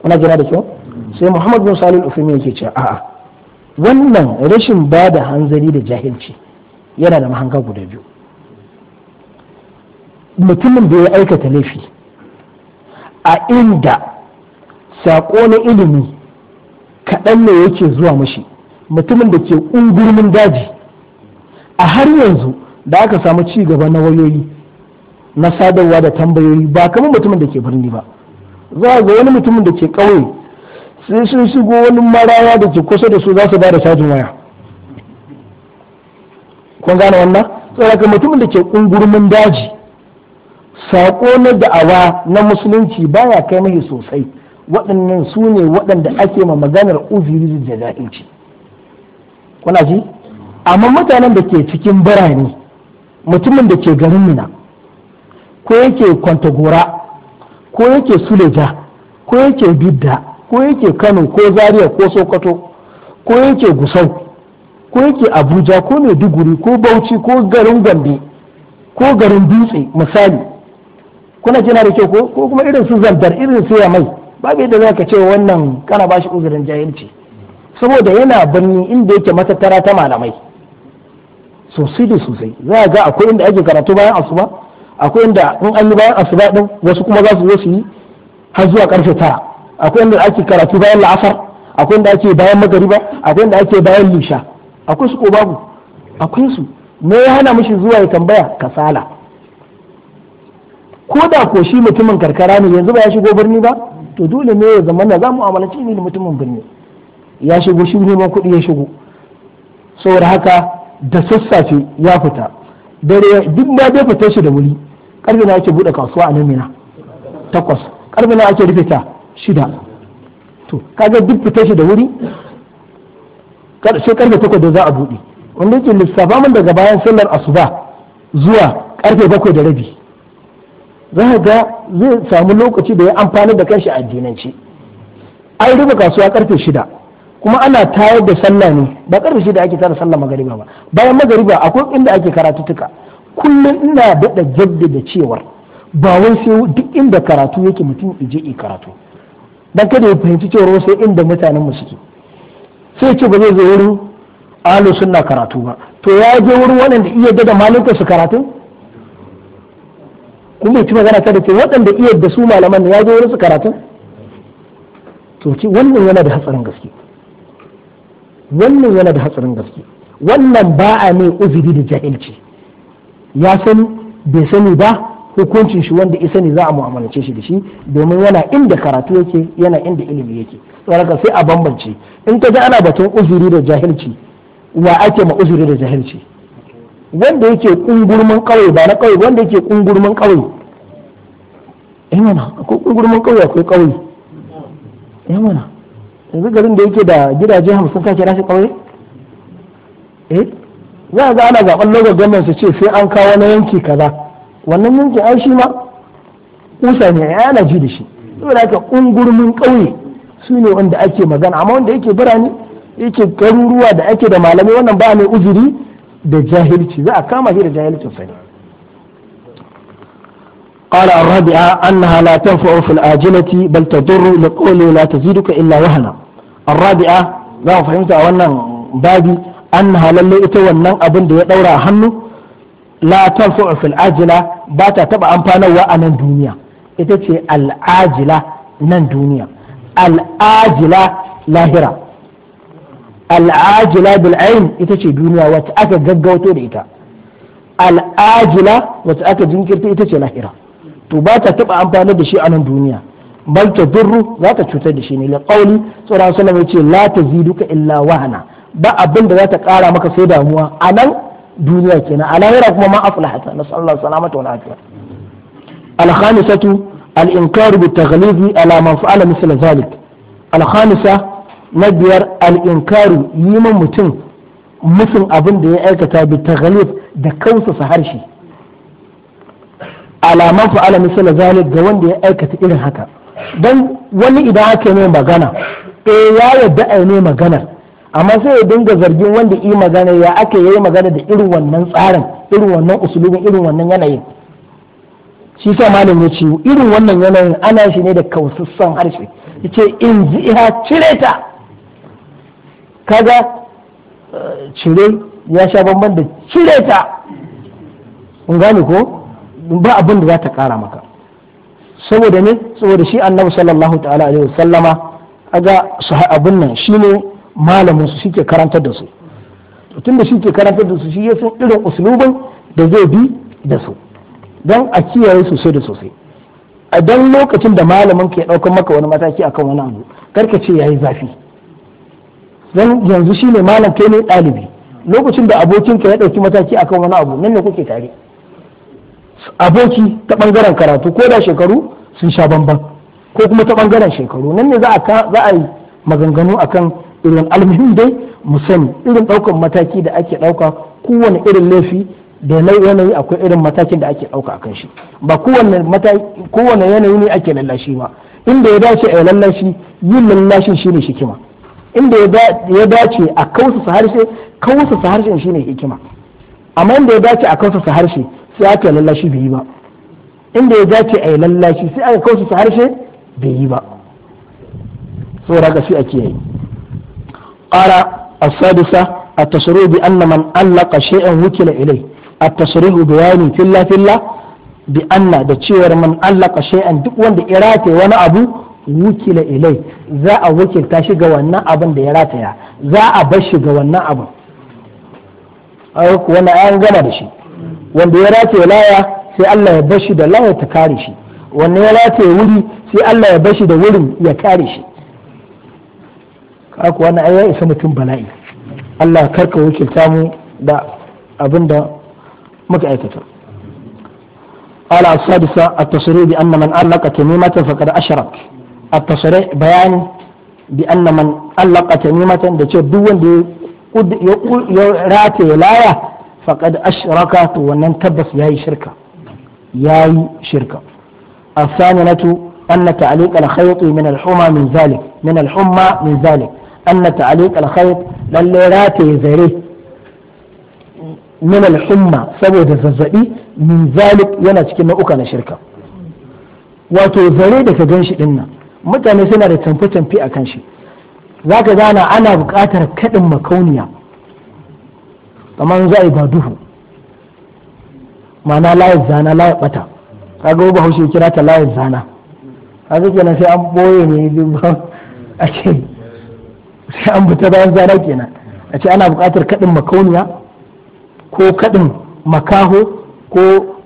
kuna gina da kyau sai muhammad bin salih ufimi yake cewa a'a wannan rashin ba da hanzari da jahilci yana da mahanga guda biyu mutumin da ya aikata laifi a inda saƙo na ilimi kaɗan ne yake zuwa mashi mutumin da ke ƙungurmin daji a har yanzu da aka samu ci gaba na wayoyi na sadarwa da tambayoyi ba kamar mutumin da ke birni ba za ga wani mutumin da ke ƙauye sai sun shigo wani maraya da ke kusa da su za su ba da sajin waya kun gane wannan tsaraka mutumin da ke ƙungurmin daji saƙo na da'awa na musulunci baya kai mai sosai waɗannan su ne waɗanda ake ma maganar uziri da za'inci kuna ji amma mutanen da ke cikin birane mutumin da ke garin mina ko yake kwantagora ko yake suleja ko yake bidda ko yake kano ko zaria ko sokoto ko yake gusau ko yake abuja ko maiduguri ko bauchi ko garin gombe ko garin dutse misali kuna jina da kyau ko kuma irin su zantar irin su mai babu yadda za ka ce wannan kana ba shi uzurin jahilci saboda yana birni inda yake matattara ta malamai sosai da sosai za a ga akwai inda ake karatu bayan asuba akwai inda in an yi bayan asuba din wasu kuma za su zo su yi har zuwa karfe tara akwai inda ake karatu bayan la'asar akwai inda ake bayan magariba akwai inda ake bayan lisha akwai su ko babu akwai su me ya hana mishi zuwa ya tambaya kasala ko da ko shi mutumin karkara ne yanzu ba ya shigo birni ba to dole ne ya zama na za mu amalci ne mutumin birni ya shigo shi neman kuɗi ya shigo saboda haka da sassafe ya fita dare duk ma bai fita shi da wuri karfe na ake bude kasuwa a nan mina takwas karfe na ake rufe ta shida to kaga duk fita shi da wuri sai karfe takwas da za a bude wanda yake lissafa mun daga bayan sallar asuba zuwa karfe bakwai da rabi za ga zai samu lokaci da ya amfani da kanshi a addinance an rufe kasuwa karfe shida kuma ana tayar da sallah ne ba karfe da ake tara sallah magariba ba bayan magariba akwai inda ake karatu tuka kullum ina daɗa jaddada cewar ba wai sai duk inda karatu yake mutum ije i karatu dan kada ya fahimci cewar wasu inda mutanen mu suke sai ce ba zai zo wurin alu sunna karatu ba to ya je wurin waɗanda iya da malinka su karatu kuma ya ci magana ta da ce waɗanda iya da su malaman ya je wurin su karatu to ci wannan yana da hatsarin gaske wannan yana da hatsarin gaske wannan ba a mai uzuri da jahilci ya san bai sani ba hukuncin shi wanda isa ne za a mu'amalance shi da shi domin yana inda karatu yake yana inda ilimi yake saboda sai a bambance in ka ji ana batun uzuri da jahilci wa ake ma uzuri da jahilci wanda yake kungurman kawai ba na kawai wanda yake kungurman kawai eh mana akwai kungurman kawai akwai kawai eh mana yanzu garin da yake da gidaje hamsin ka kira shi ƙauye eh za ga ana zaɓen logar gwamnan su ce sai an kawo na yanki kaza wannan yanki ai shi ma kusa ne ai ana ji da shi saboda haka ƙungurmin ƙauye su ne wanda ake magana amma wanda yake birane yake garuruwa da ake da malamai wannan ba mai uzuri da jahilci za a kama shi da jahilcin sani قال الرابعة أنها لا تنفع في الآجلة بل تضر لقوله لا تزيدك إلا وهنا الرابعة لا فهمت أولا بابي أنها للي إتوانا أبن دي دورا هنو لا تنفع في الآجلة باتا تبع أمبانا وأنا الدنيا إتتي الآجلة نن دنيا الآجلة لاهرة العاجلة بالعين إتتي دنيا وتأكد جوتو لإتا الآجلة وتأكد جنكرتي إتتي لاهرة to ba ta taba amfani da shi a nan duniya bal ta durru za ta cutar da shi ne la qauli sallallahu alaihi yace la taziduka illa wahana ba abin da za ta kara maka sai damuwa a nan duniya kenan a lahira kuma ma aflahata na sallallahu salamata wa lafiya al-khamisatu al-inkaru bi taghlizi ala man fa'ala misl zalik al-khamisa na biyar al-inkaru yi mutum musun abin da ya aikata bi taghlib da kausa harshe alaman fa'ala misala zalik ga wanda ya aikata irin haka dan wani idan aka mai magana eh ya yadda a ne magana amma sai ya dinga zargin wanda yi magana ya ake yayi magana da irin wannan tsarin irin wannan usulubin irin wannan yanayin shi sa malam ya ce irin wannan yanayin ana shi ne da kausassan harshe yace in ziha cire ta kaga eh, cire ya sha bamban da cire ta kun gane ko ba abin da za ta kara maka saboda ne saboda shi annabi sallallahu ta'ala alaihi wasallama kaga su abin nan ne malamin su shike karantar da su tun da shi ke karantar da su shi yasan irin usulubin da zai bi da su don a kiyaye sosai da sosai a dan lokacin da malamin ke daukar maka wani mataki akan wani abu karka ce yayi zafi don yanzu shi ne malam kai ne ɗalibi lokacin da abokinka ya ɗauki mataki akan wani abu nan ne kuke tare aboki ta ɓangaren karatu ko da shekaru sun sha bamban ko kuma ta ɓangaren shekaru nan ne za a yi maganganu akan irin almuhim dai mu sani irin ɗaukan mataki da ake ɗauka kowane irin laifi da yanayi akwai irin matakin da ake ɗauka akan shi ba kowane yanayi ne ake lallashi ba inda ya dace a lallashi yin lallashi shine hikima inda ya dace a kausa harshe kausa harshen shine hikima amma inda ya dace a kausa harshe sai aka lallashi bai yi ba inda ya dace a yi lallashi sai aka kausa harshe bai yi ba saboda haka shi a kiyaye qara as-sadisa man بأن من علق wukila وكل إليه التصريح بيان filla-filla bi anna da cewar man allaqa shay'an duk wanda ya irate wani abu wukila ilai za a wakilta shi ga wannan abin da ya rataya za a bar shi ga wannan abin ai ku wannan an gama da shi wanda ya rataye laya sai Allah ya bashi da laya ta kare shi wanda ya rataye wuri sai Allah ya bashi da wurin ya kare shi kaku wannan ai ya isa mutum bala'i Allah karka wakilta mu da abin da muka aikata قال السادسة التصريح بأن من ألق تميمة فقد أشرك التصريح بيان بأن من ألق تميمة ده دون دي ya rataye laya faƙad ashraka to wannan tabbas ya yi shirka ya yi shirka الثامنة أن تعليق الخيط من الحمى min ذلك من الحمى من ذلك أن تعليق الخيط للرات زري من الحمى سبب yana cikin nau'uka na shirka wato zare da ka ganshi dinnan mutane suna da tamfe a kan shi za ka gana ana buƙatar kaɗin makauniya kamar za a yi ba duhu ma'ana layar zana layar ɓata ga ba haushe kira ta layar zana zai kenan sai an ɓoye ne a ce sai an buta bayan zana kenan a ce ana buƙatar kaɗin makauniya ko kaɗin makaho ko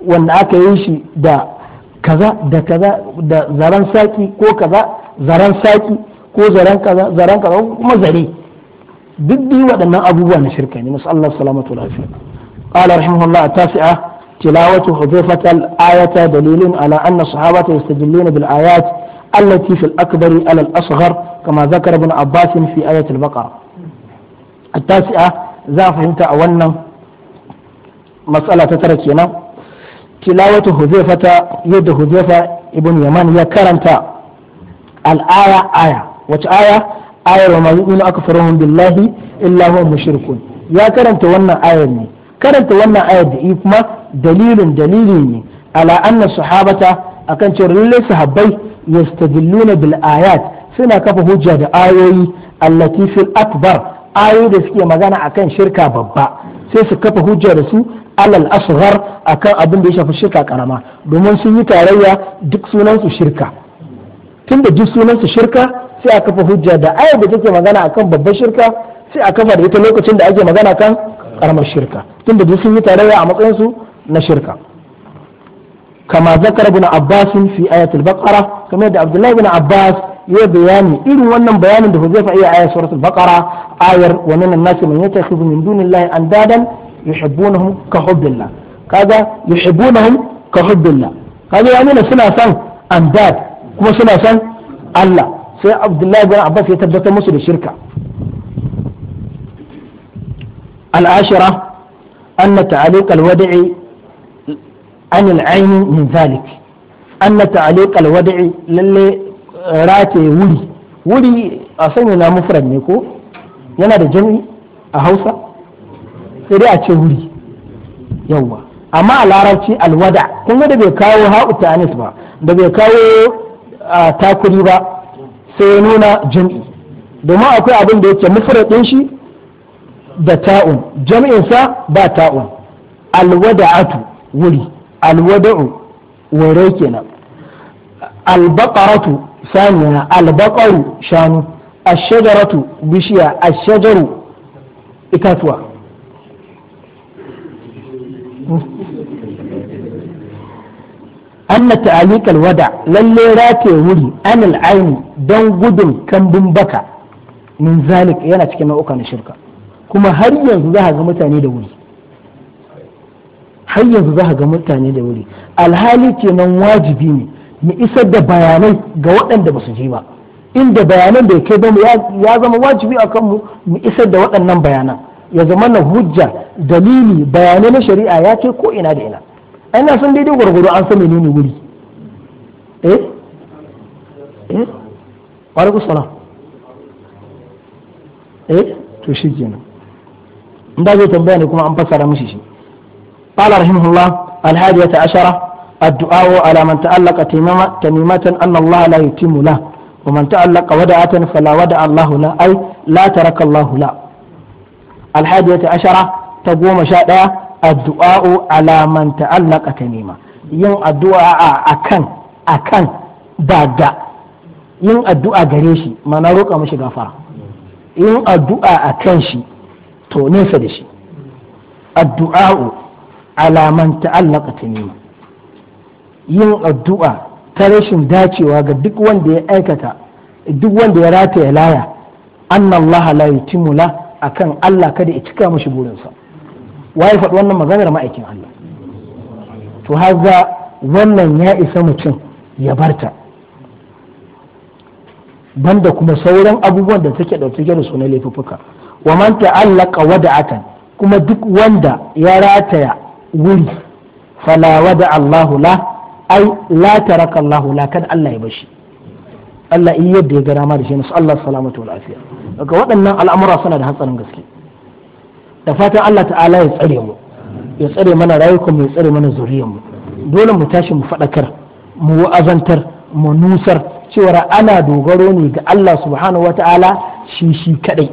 wanda aka yi shi da kaza da kaza da zaren saki ko kaza zaren saki ko zaren kaza zaren kaza kuma zare duk biyu waɗannan abubuwa na shirka ne masu Allah salamatu lafiya qala rahimahullah tasi'a tilawatu hudhifat al-ayata dalilun ala anna sahabata yastajilluna bil ayat allati fil akbari ala al-asghar kama zakara ibn abbas fi ayat al-baqara tasia za fahimta a wannan matsala ta tara kenan tilawatu huzaifa yadda huzaifa ibn yaman ya karanta al'aya aya wace aya ayar wa ina aka farahun billahi illa huwa mushrikun ya karanta wannan ayar ne karanta wannan ayar da yi kuma dalilin dalili ne ala anna sahabata akan cewa lallai sahabbai yastadilluna bil ayat suna kafa hujja da ayoyi allati fil akbar ayoyi da suke magana akan shirka babba sai su kafa hujja da su alal asghar akan abin da ya shafi shirka karama domin sun yi tarayya duk sunansu shirka tunda duk sunansu shirka sai a kafa hujja da ayar da take magana akan babbar shirka sai a kafa da ita lokacin da ake magana kan karamar shirka tunda duk sun yi tarayya a matsayin su na shirka kama zakar ibn abbas fi ayatul baqara kamar yadda abdullahi ibn abbas ya bayani irin wannan bayanin da huzaifa iya ayar suratul baqara ayar wa min an-nasi man yattakhidhu min dunillahi andadan yuhibbunahum ka hubbillah kaga yuhibbunahum ka hubbillah kaga ya suna son andad kuma suna son Allah sai abdullahi bin abbas ya tabbatar musu da shirka al'ashira an an أن min zalik an na من ذلك lalle تعليق eh, wuri wuri a sanya na أصنع ne ko yana da jam'i a hausa sai dai a ce wuri yawa amma a larabci alwada kuma da bai kawo ha'u ta anis ba da bai kawo ah, takuri ba sai ya nuna jam'i domin akwai abin da yake mufradin shi da ta'un jam'insa ba ta'un alwada'atu wuri alwada'u ware kenan albaqaratu saniya albaqaru shanu ashajaratu bishiya ashajaru itatuwa hmm? anna ta'alikal wada lalle rate wuri anil aini don gudun kambun baka min zalik yana cikin nau'uka na shirka kuma har yanzu za ga mutane da wuri har yanzu za ga mutane da wuri alhali kenan wajibi ne mu isar da bayanai ga waɗanda ba su je ba inda bayanan bai kai ba ya zama wajibi a kanmu mu isar da waɗannan bayanan ya zama na hujja dalili bayanai na shari'a ya kai ko ina da ina an na sun daidai gwargwaro an san menene ne wuri eh eh wa rabu sala eh to ke nan in da zai tambaya ne kuma an fassara mishi shi qala rahimahullah al-hadiyata ashara الدعاء على من تألق تميمة أن الله لا يتم له ومن تألق وداعة فلا ودع الله له أي لا ترك الله له الحادية عشرة تقوم شاء addu'a'u ala man ta'allaqa nema. yin addu'a a akan akan ba da yin addu'a gare shi mana roƙa mishi gafara yin addu'a akan shi to nesa da shi addu'a'u ala man ta'allaqa nema. yin addu'a ta rashin dacewa ga duk wanda ya aikata duk wanda ya rataya laya annallaha la yutimula akan Allah kada ya cika mishi burinsa waye faɗi wannan maganar ma'aikin Allah to haza wannan ya isa mutum ya barta banda kuma sauran abubuwan da take dauke da su na laifuffuka wa man ta'allaqa wada'atan kuma duk wanda ya rataya wuri fala wada Allahu la ai la taraka Allahu la kad Allah ya bashi Allah in yadda ya gara ma da shi nasu Allah salamatu wa afiya daga waɗannan al'amura suna da hatsarin gaske da fatan Allah ta'ala ya tsare mu ya tsare mana rayukan mu ya tsare mana zuriyar mu dole mu tashi mu faɗakar mu wa'azantar mu nusar cewar ana dogaro ne ga Allah subhanahu Ta'ala shi shi kadai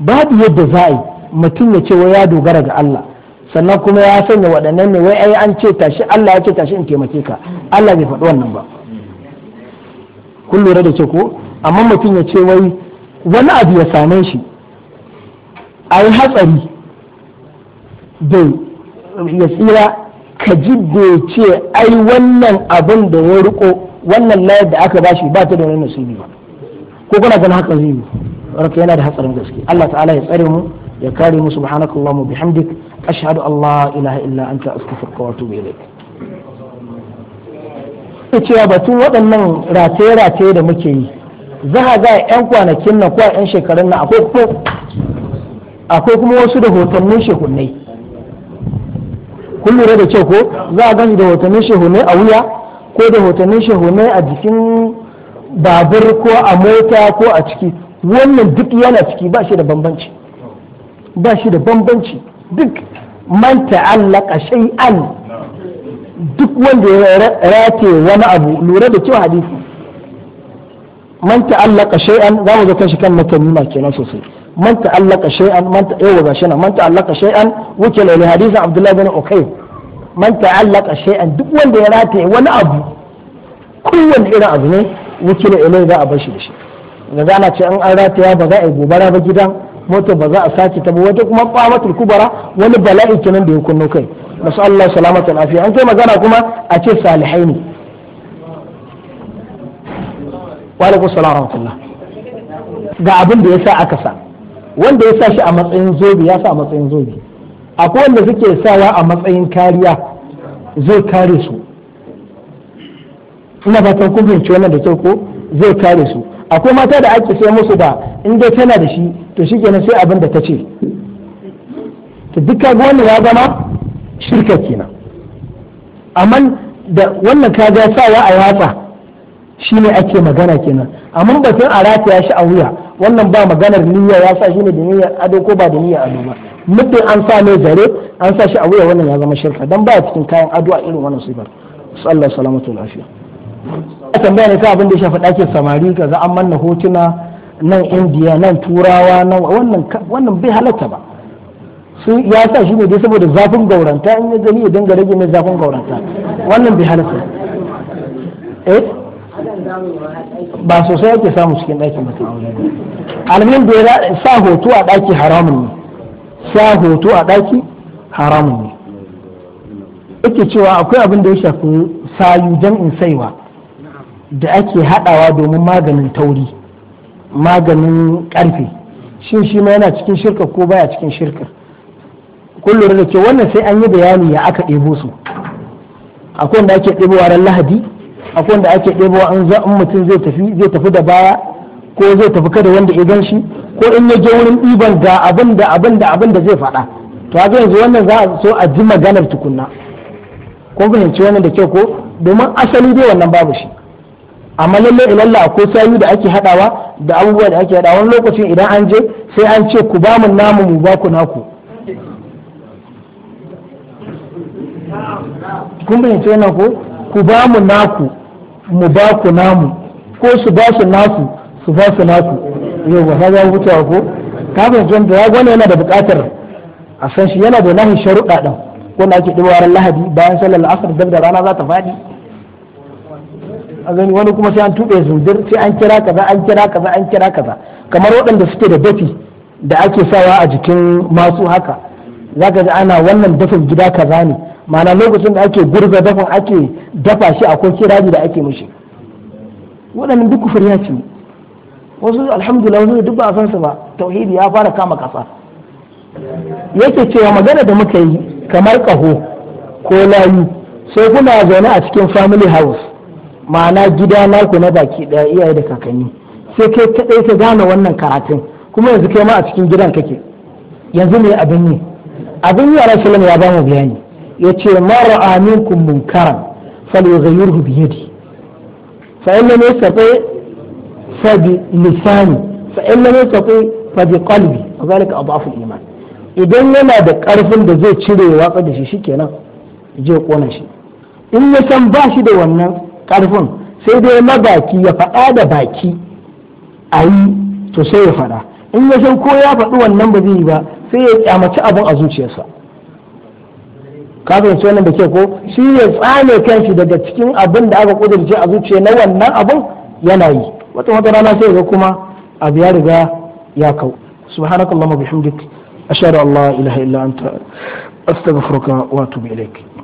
babu yadda za a yi mutum ya ce wai ya dogara ga Allah sannan kuma ya sanya waɗannan ne wai ai an ce tashi Allah ya ce tashi in taimake ka Allah bai faɗi wannan ba kun lura da ce ko amma mutum ya ce wai wani abu ya same shi a yi hatsari da ya tsira ka ji ce ai wannan abin da ya riko wannan layar da aka bashi ba ta da wani nasibi ba ko kuna ganin haka zai yi Wani yana da hatsarin gaske Allah ta'ala ya tsare mu ya kare mu subhanakallahumma bihamdik ashhadu an la ilaha illa anta astaghfiruka wa atubu ilaik cewa batun waɗannan rataye-rataye da muke yi za a ga 'yan kwanakin na ko 'yan shekarun na akwai akwai kuma wasu da hotonin shehunai kun lura da ce ko za a gani da hotonin shehunai a wuya ko da hotonin shehunai a jikin babur ko a mota ko a ciki wannan duk yana ciki ba shi da bambanci ba shi da bambanci duk man ta'allaka shay'an duk wanda ya rate wani abu lura da kyau hadisi man ta'allaka shay'an za mu zo kan shi kan matanima kenan sosai man ta'allaka shay'an man ta'awwaza shay'an man ta'allaka shay'an wukila li hadisin Abdullah bin Ukayf man ta'allaka shay'an duk wanda ya rataye wani abu kowanne irin abu ne wukila ilai za a bar shi da shi da ana ce an rataya ba za a yi gobara ba gidan mota ba za a sace ta ba wata kuma qamatul kubara wani bala'i kenan da ya kunno kai nasu Allah salamatu lafiya an kai magana kuma a ce ne ga abin da sa aka sa wanda ya sa shi a matsayin zobe ya sa a matsayin zobe akwai wanda suke sawa a matsayin kariya zai kare su ina fatan kun fahimci wannan da kyau ko zai kare su akwai mata da ake sai musu da in dai tana da shi to shi kenan sai abin da ta ce to duka wannan ya zama shirka kenan amma da wannan kaga sawa a yatsa shine ake magana kenan amma batun a rataya shi a wuya wannan ba maganar niyya ya sa shi ne da niyyar ado ko ba da niyyar ado ba muddin an sa ne zare an sa shi a wuya wannan ya zama shirka dan baya cikin kayan ado a irin wannan sifar sallallahu salamatu lafiya a tambaya ne ta abin da ya shafi ɗakin samari za an manna hotuna nan indiya nan turawa nan wannan wannan bai halatta ba su ya sa shi ne dai saboda zafin gauranta in ya gani ya dinga rage mai zafin gauranta wannan bai halatta eh ba sosai ake samu cikin ɗakin mutum aure almin da ya sa hoto a ɗaki haramun ne sa hoto a ɗaki haramun ne yake cewa akwai abin da ya shafi sayu in saiwa da ake haɗawa domin maganin tauri maganin ƙarfe shin shi ma yana cikin shirka ko baya cikin shirka kullum da ke wannan sai an yi bayani ya aka ɗebo su akwai wanda ake ɗebowa ran lahadi akwai wanda ake ɗebo an za in mutum zai tafi zai tafi da baya ko zai tafi kada wanda ya gan shi ko in ya je wurin ɗiban ga abin da abin da abin da zai faɗa to haka yanzu wannan za a so a ji maganar tukunna ko fahimci wannan da kyau ko domin asali dai wannan babu shi amma lalle ilalla ko sayu da ake hadawa da abubuwa da ake hadawa wani lokacin idan an je sai an ce ku ba mu namu mu ba ku naku kun fahimci wannan ko ku ba mu naku mu ba ku namu ko su ba su nasu su ba su naku yau ba ka zama ko kafin jin da wani yana da bukatar a san shi yana da nahi sharuɗa ɗin ko na ake dubawar lahadi bayan sallar asar dab da rana za ta faɗi a gani wani kuma sai an tuɓe zudir sai an kira kaza an kira kaza an kira kaza kamar waɗanda suke da dafi da ake sawa a jikin masu haka za ka ji ana wannan dafin gida kaza ne mana lokacin da ake gurza dafin ake dafa shi akwai kiraji da ake mishi waɗannan duk kufur ya ce wasu alhamdulillah wasu duk ba a san su ba tauhidi ya fara kama kasa yake cewa magana da muka yi kamar kaho ko layu sai kuna zaune a cikin family house ma'ana gida naku na baki ɗaya iyaye da kakanni sai kai kaɗai ka gane wannan karatun kuma yanzu kai ma a cikin gidan kake yanzu ne abin yi abin yi a rasulun ya ba mu bayani ya ce mara aminkum munkaran falyughayyirhu bi yadi fa in lam ne fa bi lisani fa in lam zalika afin iman idan yana da karfin da zai cire watsa da shi shikenan je kona shi in ya san ba shi da wannan karfin sai dai mabaki ya faɗa da baki a yi to sai ya faɗa in ya san ko ya faɗi wannan ba zai yi ba sai ya kyamaci abin a zuciyarsa kafin fahimci wannan da ke ko shi ya tsame kanshi daga cikin abin da aka kudurce a zuciya na wannan abin yana yi wata wata rana sai ga kuma abu ya riga ya kau subhanakallahumma bihamdik ashhadu an la ilaha illa anta astaghfiruka wa atubu ilaik